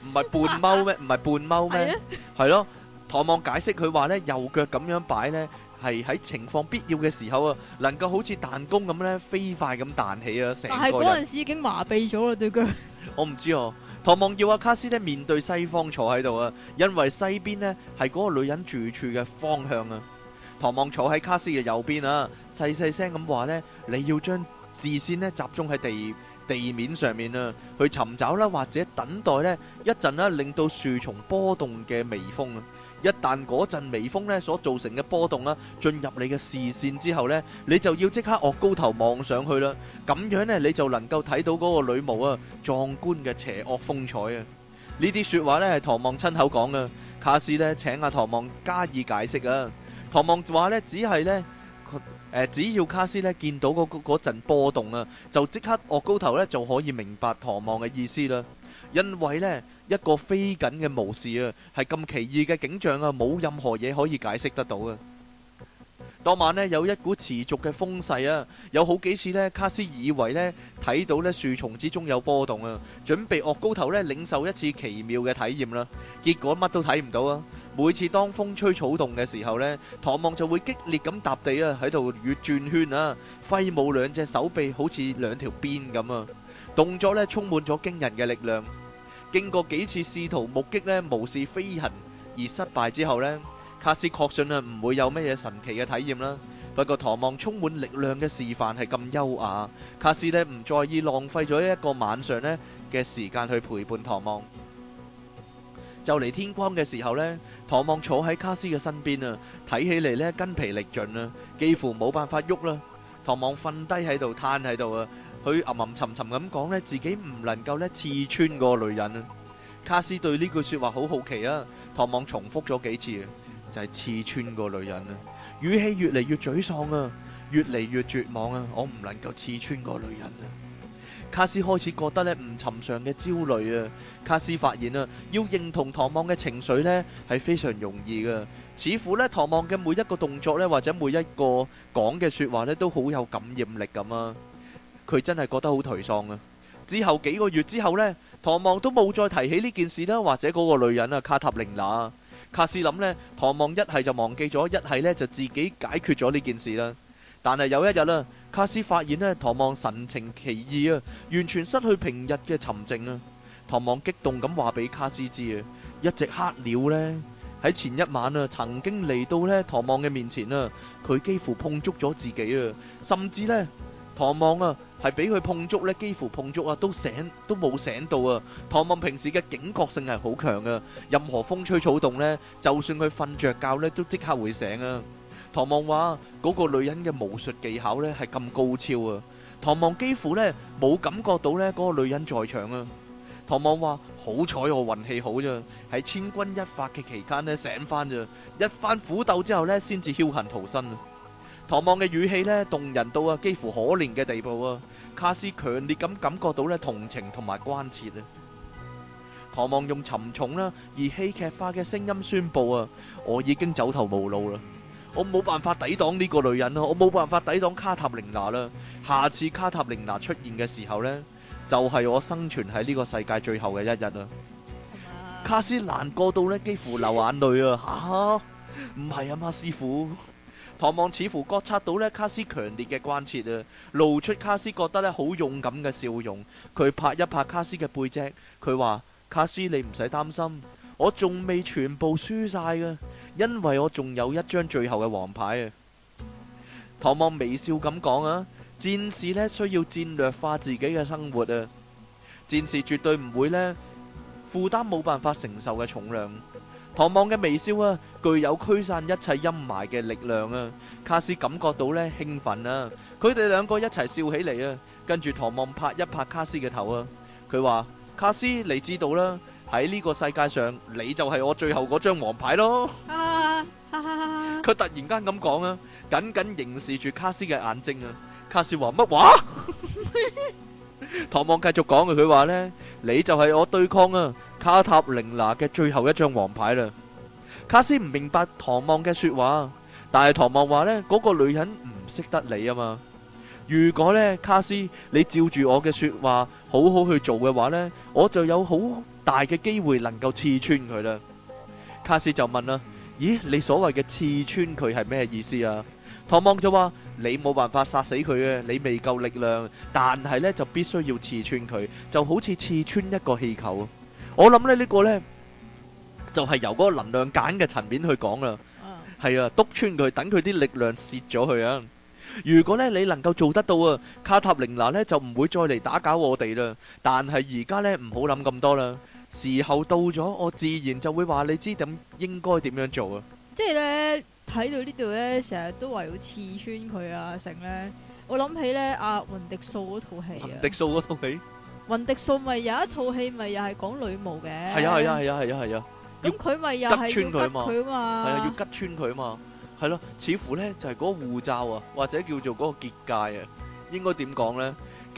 唔係半踎咩？唔係半踎咩？係咯。唐望解釋佢話咧右腳咁樣擺咧。係喺情況必要嘅時候啊，能夠好似彈弓咁呢，飛快咁彈起啊！成個人係嗰陣時已經麻痹咗啦對腳 <laughs> 我。我唔知哦。唐望要阿、啊、卡斯呢面對西方坐喺度啊，因為西邊呢係嗰個女人住處嘅方向啊。唐望坐喺卡斯嘅右邊啊，細細聲咁話呢：「你要將視線呢集中喺地地面上面啊，去尋找啦，或者等待呢一陣啦，令到樹叢波動嘅微風啊。一旦嗰陣微風咧所造成嘅波動啦，進入你嘅視線之後呢，你就要即刻岳高頭望上去啦。咁樣呢，你就能夠睇到嗰個女巫啊壯觀嘅邪惡風采啊！呢啲説話呢係唐望親口講㗎，卡斯呢，請阿唐望加以解釋啊。唐望話呢，只係咧誒，只要卡斯呢見到嗰個陣波動啊，就即刻岳高頭呢就可以明白唐望嘅意思啦，因為呢。一個飛緊嘅巫士啊，係咁奇異嘅景象啊，冇任何嘢可以解釋得到啊！當晚咧有一股持續嘅風勢啊，有好幾次咧，卡斯以為咧睇到咧樹叢之中有波動啊，準備岳高頭咧領受一次奇妙嘅體驗啦。結果乜都睇唔到啊！每次當風吹草動嘅時候咧，唐望就會激烈咁踏地啊，喺度越轉圈啊，揮舞兩隻手臂好似兩條鞭咁啊，動作咧充滿咗驚人嘅力量。經過幾次試圖目擊呢無視飛行而失敗之後呢，卡斯確信啊，唔會有咩嘢神奇嘅體驗啦。不過唐望充滿力量嘅示範係咁優雅，卡斯呢唔在意浪費咗一個晚上呢嘅時間去陪伴唐望。就嚟天光嘅時候呢，唐望坐喺卡斯嘅身邊啊，睇起嚟呢筋疲力盡啊，幾乎冇辦法喐啦。唐望瞓低喺度癱喺度啊。佢吟吟沉沉咁講呢，自己唔能夠咧刺穿嗰個女人啊。卡斯對呢句說話好好奇啊。唐望重複咗幾次啊，就係刺穿個女人啊。語氣越嚟越沮喪啊，越嚟越絕望啊。我唔能夠刺穿個女人啊。卡斯開始覺得呢，唔尋常嘅焦慮啊。卡斯發現啊，要認同唐望嘅情緒呢係非常容易噶，似乎呢，唐望嘅每一個動作呢，或者每一個講嘅說話呢，都好有感染力咁啊。佢真係覺得好頹喪啊！之後幾個月之後呢，唐望都冇再提起呢件事啦，或者嗰個女人啊，卡塔玲娜。卡斯諗呢，唐望一係就忘記咗，一係呢就自己解決咗呢件事啦。但係有一日啦，卡斯發現呢，唐望神情奇異啊，完全失去平日嘅沉靜啊。唐望激動咁話俾卡斯知啊，一隻黑鳥呢，喺前一晚啊，曾經嚟到呢唐望嘅面前啊，佢幾乎碰觸咗自己啊，甚至呢唐望啊。係畀佢碰觸咧，幾乎碰觸啊，都醒都冇醒到啊！唐望平時嘅警覺性係好強嘅，任何風吹草動咧，就算佢瞓著覺咧，都即刻會醒啊！唐望話：嗰個女人嘅武術技巧咧係咁高超啊！唐望幾乎咧冇感覺到咧嗰個女人在場啊！唐望話：好彩我運氣好咋，喺千鈞一髮嘅期間咧醒返咋，一番苦鬥之後咧先至僥倖逃生啊！唐望嘅語氣咧動人到啊，幾乎可憐嘅地步啊！卡斯強烈咁感覺到咧同情同埋關切啊！唐望用沉重啦而戲劇化嘅聲音宣布啊：我已經走投無路啦，我冇辦法抵擋呢個女人啦，我冇辦法抵擋卡塔玲娜啦！下次卡塔玲娜出現嘅時候咧，就係、是、我生存喺呢個世界最後嘅一日啦！啊、卡斯難過到咧幾乎流眼淚啊！吓，唔係啊嘛，師傅。唐望似乎覺察到呢卡斯強烈嘅關切啊，露出卡斯覺得呢好勇敢嘅笑容。佢拍一拍卡斯嘅背脊，佢話：卡斯你唔使擔心，我仲未全部輸晒噶，因為我仲有一張最後嘅王牌啊！唐望微笑咁講啊，戰士呢需要戰略化自己嘅生活啊，戰士絕對唔會呢負擔冇辦法承受嘅重量。唐望嘅微笑啊，具有驅散一切陰霾嘅力量啊！卡斯感覺到呢，興奮啊！佢哋兩個一齊笑起嚟啊！跟住唐望拍一拍卡斯嘅頭啊，佢話：卡斯，你知道啦，喺呢個世界上，你就係我最後嗰張王牌咯！啊！佢、啊啊、突然間咁講啊，緊緊凝視住卡斯嘅眼睛啊！卡斯話乜話？ <laughs> 唐望繼續講佢，佢話咧，你就係我對抗啊卡塔玲娜嘅最後一張王牌啦。卡斯唔明白唐望嘅說話，但係唐望話呢嗰個女人唔識得你啊嘛。如果呢，卡斯你照住我嘅說話好好去做嘅話呢，我就有好大嘅機會能夠刺穿佢啦。卡斯就問啦，啊，咦，你所謂嘅刺穿佢係咩意思啊？唐望就話：你冇辦法殺死佢啊，你未夠力量。但係咧就必須要刺穿佢，就好似刺穿一個氣球。我諗咧呢個咧就係由嗰個能量簡嘅層面去講啦。係啊，篤穿佢，等佢啲力量洩咗佢啊。如果咧你能夠做得到啊，卡塔玲娜咧就唔會再嚟打攪我哋啦。但係而家咧唔好諗咁多啦。時候到咗，我自然就會話你知點應該點樣做啊。即係咧。睇到呢度咧，成日都話要刺穿佢啊！成咧，我諗起咧阿雲迪素嗰套戲啊，雲迪素嗰套戲，雲迪素咪有一套戲咪又係講女巫嘅，係啊係啊係啊係啊係啊，咁佢咪又係要吉穿佢啊嘛，係啊要吉穿佢啊嘛，係咯，似乎咧就係嗰個護罩啊，或者叫做嗰個結界啊，應該點講咧？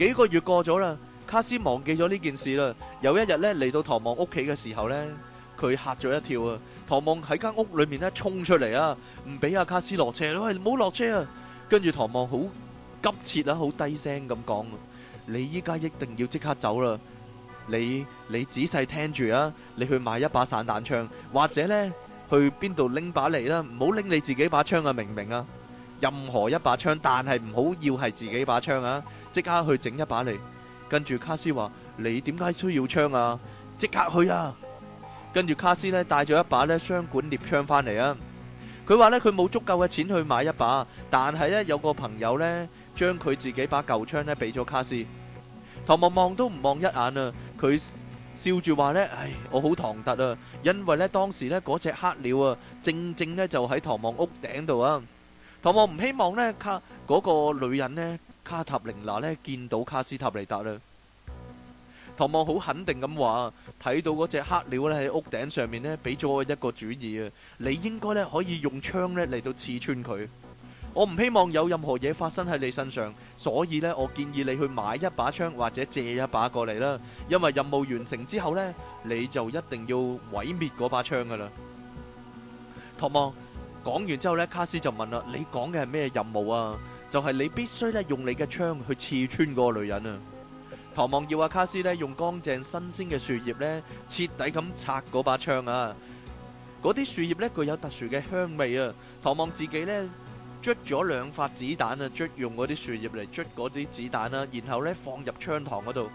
幾個月過咗啦，卡斯忘記咗呢件事啦。有一日咧嚟到唐望屋企嘅時候咧。佢吓咗一跳啊！唐望喺間屋裏面呢衝出嚟啊，唔俾阿卡斯落車咯，喂，唔好落車啊！跟住唐望好急切啊，好低聲咁講：你依家一定要即刻走啦！你你仔細聽住啊！你去買一把散彈槍，或者呢去邊度拎把嚟啦，唔好拎你自己把槍啊！明唔明啊？任何一把槍，但係唔好要係自己把槍啊！即刻去整一把嚟。跟住卡斯話：你點解需要槍啊？即刻去啊！跟住卡斯咧帶咗一把咧雙管獵槍返嚟啊！佢話咧佢冇足夠嘅錢去買一把，但係咧有個朋友咧將佢自己把舊槍咧俾咗卡斯。唐望望都唔望一眼啊！佢笑住話咧：唉，我好唐突啊！因為咧當時咧嗰隻黑鳥啊，正正咧就喺唐望屋頂度啊！唐望唔希望呢卡、嗰個女人咧卡塔玲娜咧見到卡斯塔尼達啦。唐望好肯定咁話，睇到嗰隻黑鳥咧喺屋頂上面咧，俾咗我一個主意啊！你應該咧可以用槍咧嚟到刺穿佢。我唔希望有任何嘢發生喺你身上，所以咧我建議你去買一把槍或者借一把過嚟啦。因為任務完成之後咧，你就一定要毀滅嗰把槍噶啦。唐望講完之後咧，卡斯就問啦：你講嘅係咩任務啊？就係你必須咧用你嘅槍去刺穿嗰個女人啊！唐望要阿卡斯呢，用乾淨新鮮嘅樹葉呢，徹底咁拆嗰把槍啊！嗰啲樹葉呢，具有特殊嘅香味啊！唐望自己呢，捽咗兩發子彈啊，捽用嗰啲樹葉嚟捽嗰啲子彈啦，然後呢，放入槍膛嗰度。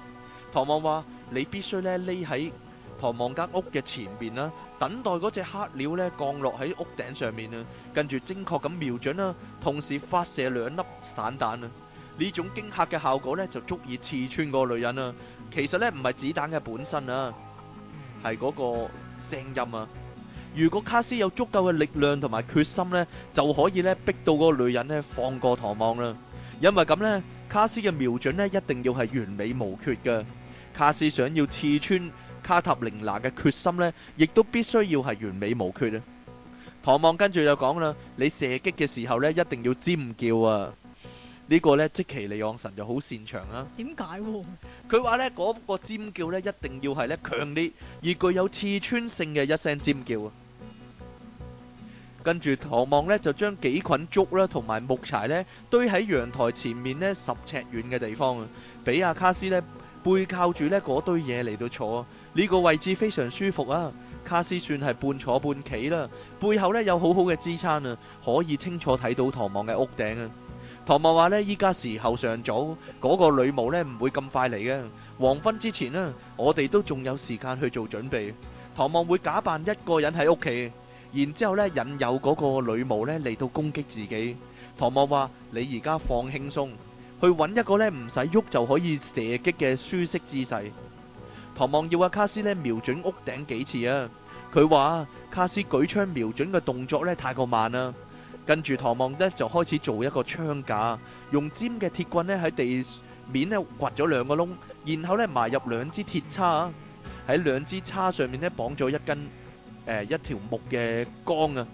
唐望話：你必須呢，匿喺唐望間屋嘅前邊啦，等待嗰隻黑鳥呢降落喺屋頂上面啊，跟住精確咁瞄準啊，同時發射兩粒散彈啊！呢種驚嚇嘅效果呢，就足以刺穿嗰個女人啦。其實呢，唔係子彈嘅本身啊，係嗰個聲音啊。如果卡斯有足夠嘅力量同埋決心呢，就可以呢逼到嗰個女人呢放過唐望啦。因為咁呢，卡斯嘅瞄準呢一定要係完美無缺嘅。卡斯想要刺穿卡塔玲娜嘅決心呢，亦都必須要係完美無缺啊。唐望跟住就講啦：你射擊嘅時候呢，一定要尖叫啊！個呢個咧，即奇利昂神就好擅長啦、啊。點解喎？佢話呢，嗰、嗰個尖叫咧，一定要係咧強烈而具有刺穿性嘅一聲尖叫啊！跟住唐望呢，就將幾捆竹啦同埋木柴咧堆喺陽台前面咧十尺遠嘅地方啊！俾阿卡斯咧背靠住呢嗰堆嘢嚟到坐，呢、呢個位置非常舒服啊！卡斯算係半坐半企啦，背後呢，有好好嘅支撐啊，可以清楚睇到唐望嘅屋頂啊！唐望話呢，依家時候尚早，嗰、那個女巫呢唔會咁快嚟嘅。黃昏之前呢，我哋都仲有時間去做準備。唐望會假扮一個人喺屋企，然之後呢引誘嗰個女巫呢嚟到攻擊自己。唐望話：你而家放輕鬆，去揾一個呢唔使喐就可以射擊嘅舒適姿勢。唐望要阿卡斯呢瞄準屋頂幾次啊！佢話卡斯舉槍瞄準嘅動作呢太過慢啦。跟住，唐望呢就開始做一個槍架，用尖嘅鐵棍呢喺地面呢掘咗兩個窿，然後呢埋入兩支鐵叉，喺兩支叉上面呢綁咗一根誒、呃、一條木嘅桿啊。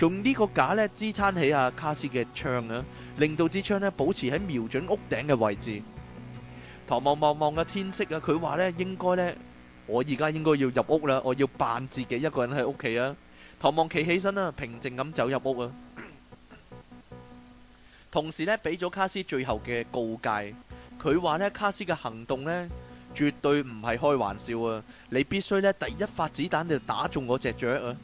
用呢個架呢支撐起阿、啊、卡斯嘅槍啊，令到支槍呢保持喺瞄準屋頂嘅位置。唐望望望嘅天色啊，佢話呢應該呢，我而家應該要入屋啦。我要扮自己一個人喺屋企啊。唐望企起身啦，平靜咁走入屋啊。同時咧，俾咗卡斯最後嘅告誡，佢話咧卡斯嘅行動咧絕對唔係開玩笑啊！你必須咧第一發子彈就打中嗰隻雀啊！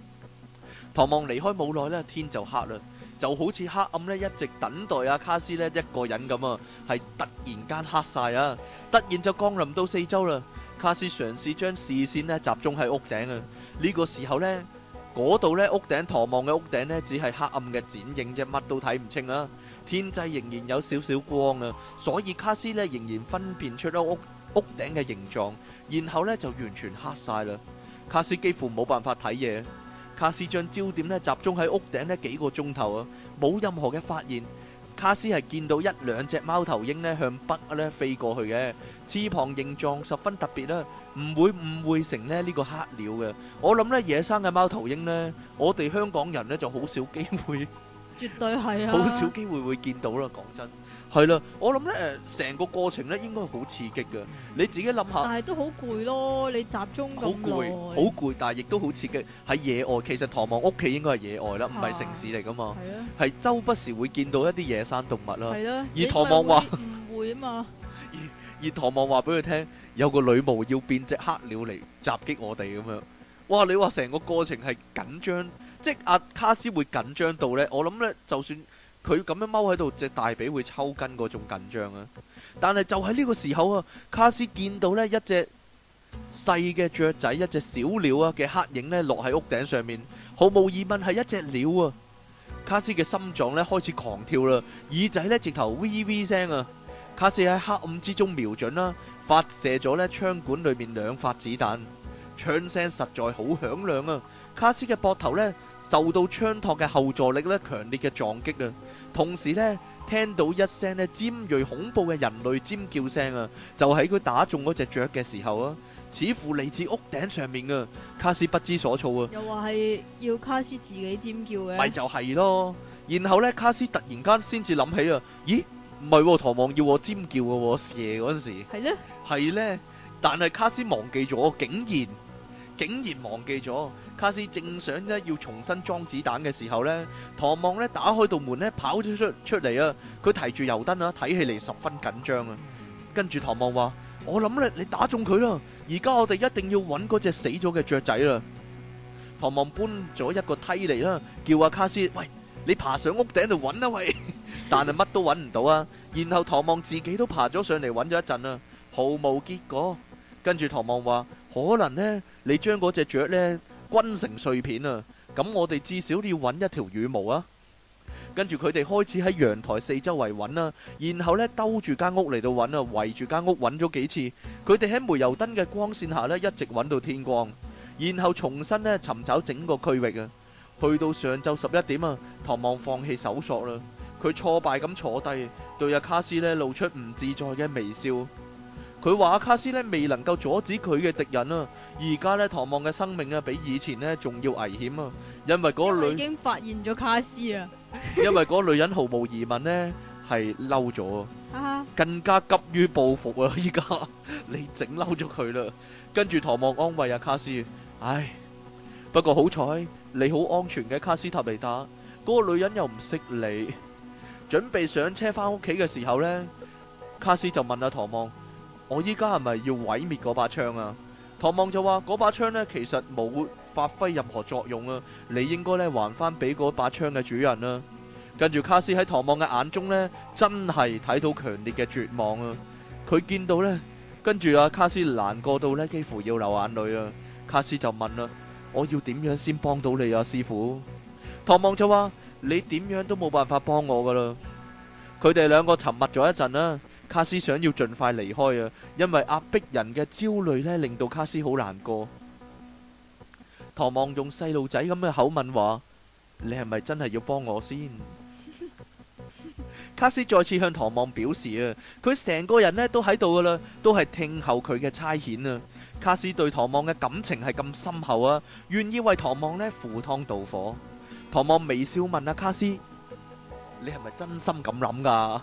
唐望離開冇耐咧，天就黑啦，就好似黑暗咧一直等待阿、啊、卡斯咧一個人咁啊，係突然間黑晒啊，突然就降臨到四周啦。卡斯嘗試將視線咧集中喺屋頂啊，呢、這個時候呢，嗰度咧屋頂，唐望嘅屋頂呢，只係黑暗嘅剪影啫，乜都睇唔清啊。天際仍然有少少光啊，所以卡斯呢仍然分辨出屋屋頂嘅形狀，然後呢就完全黑晒啦。卡斯幾乎冇辦法睇嘢。卡斯將焦點呢集中喺屋頂呢幾個鐘頭啊，冇任何嘅發現。卡斯係見到一兩隻貓頭鷹呢向北呢飛過去嘅，翅膀形狀十分特別啦，唔會誤會成呢呢個黑鳥嘅。我諗呢野生嘅貓頭鷹呢，我哋香港人呢就好少機會。絕對係啊！好少機會會見到啦，講真係啦。我諗咧，誒、呃，成個過程咧，應該好刺激噶。你自己諗下，但係都好攰咯。你集中咁耐，好攰！好攰，但係亦都好刺激。喺野外，其實唐望屋企應該係野外啦，唔係、啊、城市嚟噶嘛。係啊啦，係周不時會見到一啲野生動物啦。係咯啦。而唐望話唔會啊嘛。 <laughs> 而而唐望話俾佢聽，有個女巫要變隻黑鳥嚟襲擊我哋咁樣。哇！你話成個過程係緊張。即係、啊、阿卡斯會緊張到呢。我諗呢，就算佢咁樣踎喺度，隻大髀會抽筋嗰種緊張啊！但係就喺呢個時候啊，卡斯見到呢一隻細嘅雀仔，一隻小鳥啊嘅黑影呢落喺屋頂上面，毫無疑問係一隻鳥啊！卡斯嘅心臟呢開始狂跳啦，耳仔呢直頭 whi 聲啊！卡斯喺黑暗之中瞄準啦，啊，發射咗呢槍管裏面兩發子彈，槍聲實在好響亮啊！卡斯嘅膊頭呢。受到槍托嘅後坐力咧，強烈嘅撞擊啊！同時咧，聽到一聲咧尖銳恐怖嘅人類尖叫聲啊，就喺佢打中嗰隻雀嘅時候啊，似乎嚟自屋頂上面啊！卡斯不知所措啊！又話係要卡斯自己尖叫嘅？咪就係咯！然後咧，卡斯突然間先至諗起啊，咦？唔係，唐望要我尖叫嘅，蛇嗰陣時係咧，係咧，但係卡斯忘記咗，竟然。竟然忘記咗，卡斯正想咧要重新裝子彈嘅時候呢，唐望呢打開道門呢，跑咗出出嚟啊！佢提住油燈啊，睇起嚟十分緊張啊！跟住唐望話：，我諗咧，你打中佢啦！而家我哋一定要揾嗰隻死咗嘅雀仔啦！唐望搬咗一個梯嚟啦，叫阿卡斯：，喂，你爬上屋頂度揾啊喂！但係乜都揾唔到啊！然後唐望自己都爬咗上嚟揾咗一陣啊，毫無結果。跟住唐望話。可能呢，你將嗰隻雀呢均成碎片啊！咁我哋至少要揾一條羽毛啊！跟住佢哋開始喺陽台四周圍揾啦，然後呢兜住間屋嚟到揾啊，圍住間屋揾咗幾次。佢哋喺煤油燈嘅光線下呢一直揾到天光，然後重新呢尋找整個區域啊！去到上晝十一點啊，唐望放棄搜索啦，啊，佢挫敗咁坐低，對阿卡斯呢露出唔自在嘅微笑。佢話卡斯咧，未能夠阻止佢嘅敵人啊。而家咧，唐望嘅生命啊，比以前咧仲要危險啊。因為嗰個女已經發現咗卡斯啊。因為嗰個女人毫無疑問咧，係嬲咗啊，更加急於報復啊。依家你整嬲咗佢啦。跟住唐望安慰阿卡斯：唉，不過好彩你好安全嘅卡斯塔尼達，嗰個女人又唔識你。準備上車翻屋企嘅時候咧，卡斯就問阿唐望。我依家係咪要毀滅嗰把槍啊？唐望就話「嗰把槍呢，其實冇發揮任何作用啊！你應該呢還返俾嗰把槍嘅主人啊！」跟住卡斯喺唐望嘅眼中呢，真係睇到強烈嘅絕望啊！佢見到呢，跟住阿、啊、卡斯難過到呢，幾乎要流眼淚啊！卡斯就問啦：我要點樣先幫到你啊，師傅？唐望就話：你點樣都冇辦法幫我噶啦！佢哋兩個沉默咗一陣啊。卡斯想要盡快離開啊，因為壓迫人嘅焦慮咧，令到卡斯好難過。唐望用細路仔咁嘅口吻話：你係咪真係要幫我先？ <laughs> 卡斯再次向唐望表示啊，佢成個人咧都喺度噶啦，都係聽候佢嘅差遣啊。卡斯對唐望嘅感情係咁深厚啊，願意為唐望咧赴湯蹈火。唐望微笑問啊卡斯：你係咪真心咁諗噶？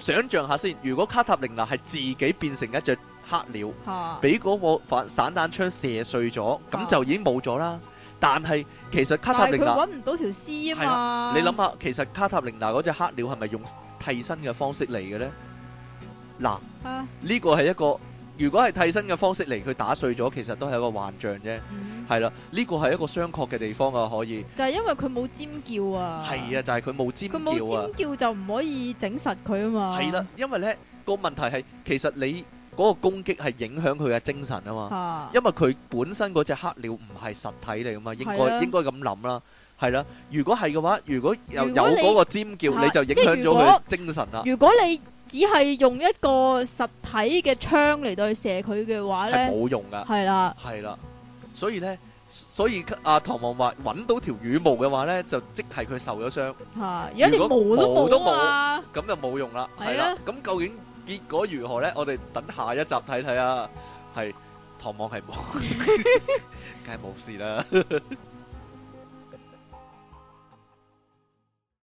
想象下先，如果卡塔玲娜係自己變成一隻黑鳥，俾嗰、啊、個反散彈槍射碎咗，咁、啊、就已經冇咗啦。但係其實卡塔玲娜揾唔到條屍啊嘛。啊，你諗下，其實卡塔玲娜嗰隻黑鳥係咪用替身嘅方式嚟嘅咧？嗱、啊，呢、啊、個係一個。如果係替身嘅方式嚟，佢打碎咗，其實都係一個幻象啫。係啦，呢個係一個商榷嘅地方啊，可以。就係因為佢冇尖叫啊。係啊，就係佢冇尖叫啊。佢冇尖叫就唔可以整實佢啊嘛。係啦，因為咧個問題係其實你嗰個攻擊係影響佢嘅精神啊嘛。因為佢本身嗰隻黑鳥唔係實體嚟噶嘛，應該應該咁諗啦。係啦，如果係嘅話，如果有有嗰個尖叫，你就影響咗佢精神啦。如果你只係用一個實體嘅槍嚟到去射佢嘅話咧，係冇用噶係啦了，係啦，所以咧，所以阿、啊、唐望話揾到條羽毛嘅話咧，就即係佢受咗傷。吓、啊，毛如果毛都冇，咁、啊、就冇用啦。係啦，咁、啊、究竟結果如何咧？我哋等下一集睇睇啊。係唐望係冇，梗係冇事啦。 <laughs>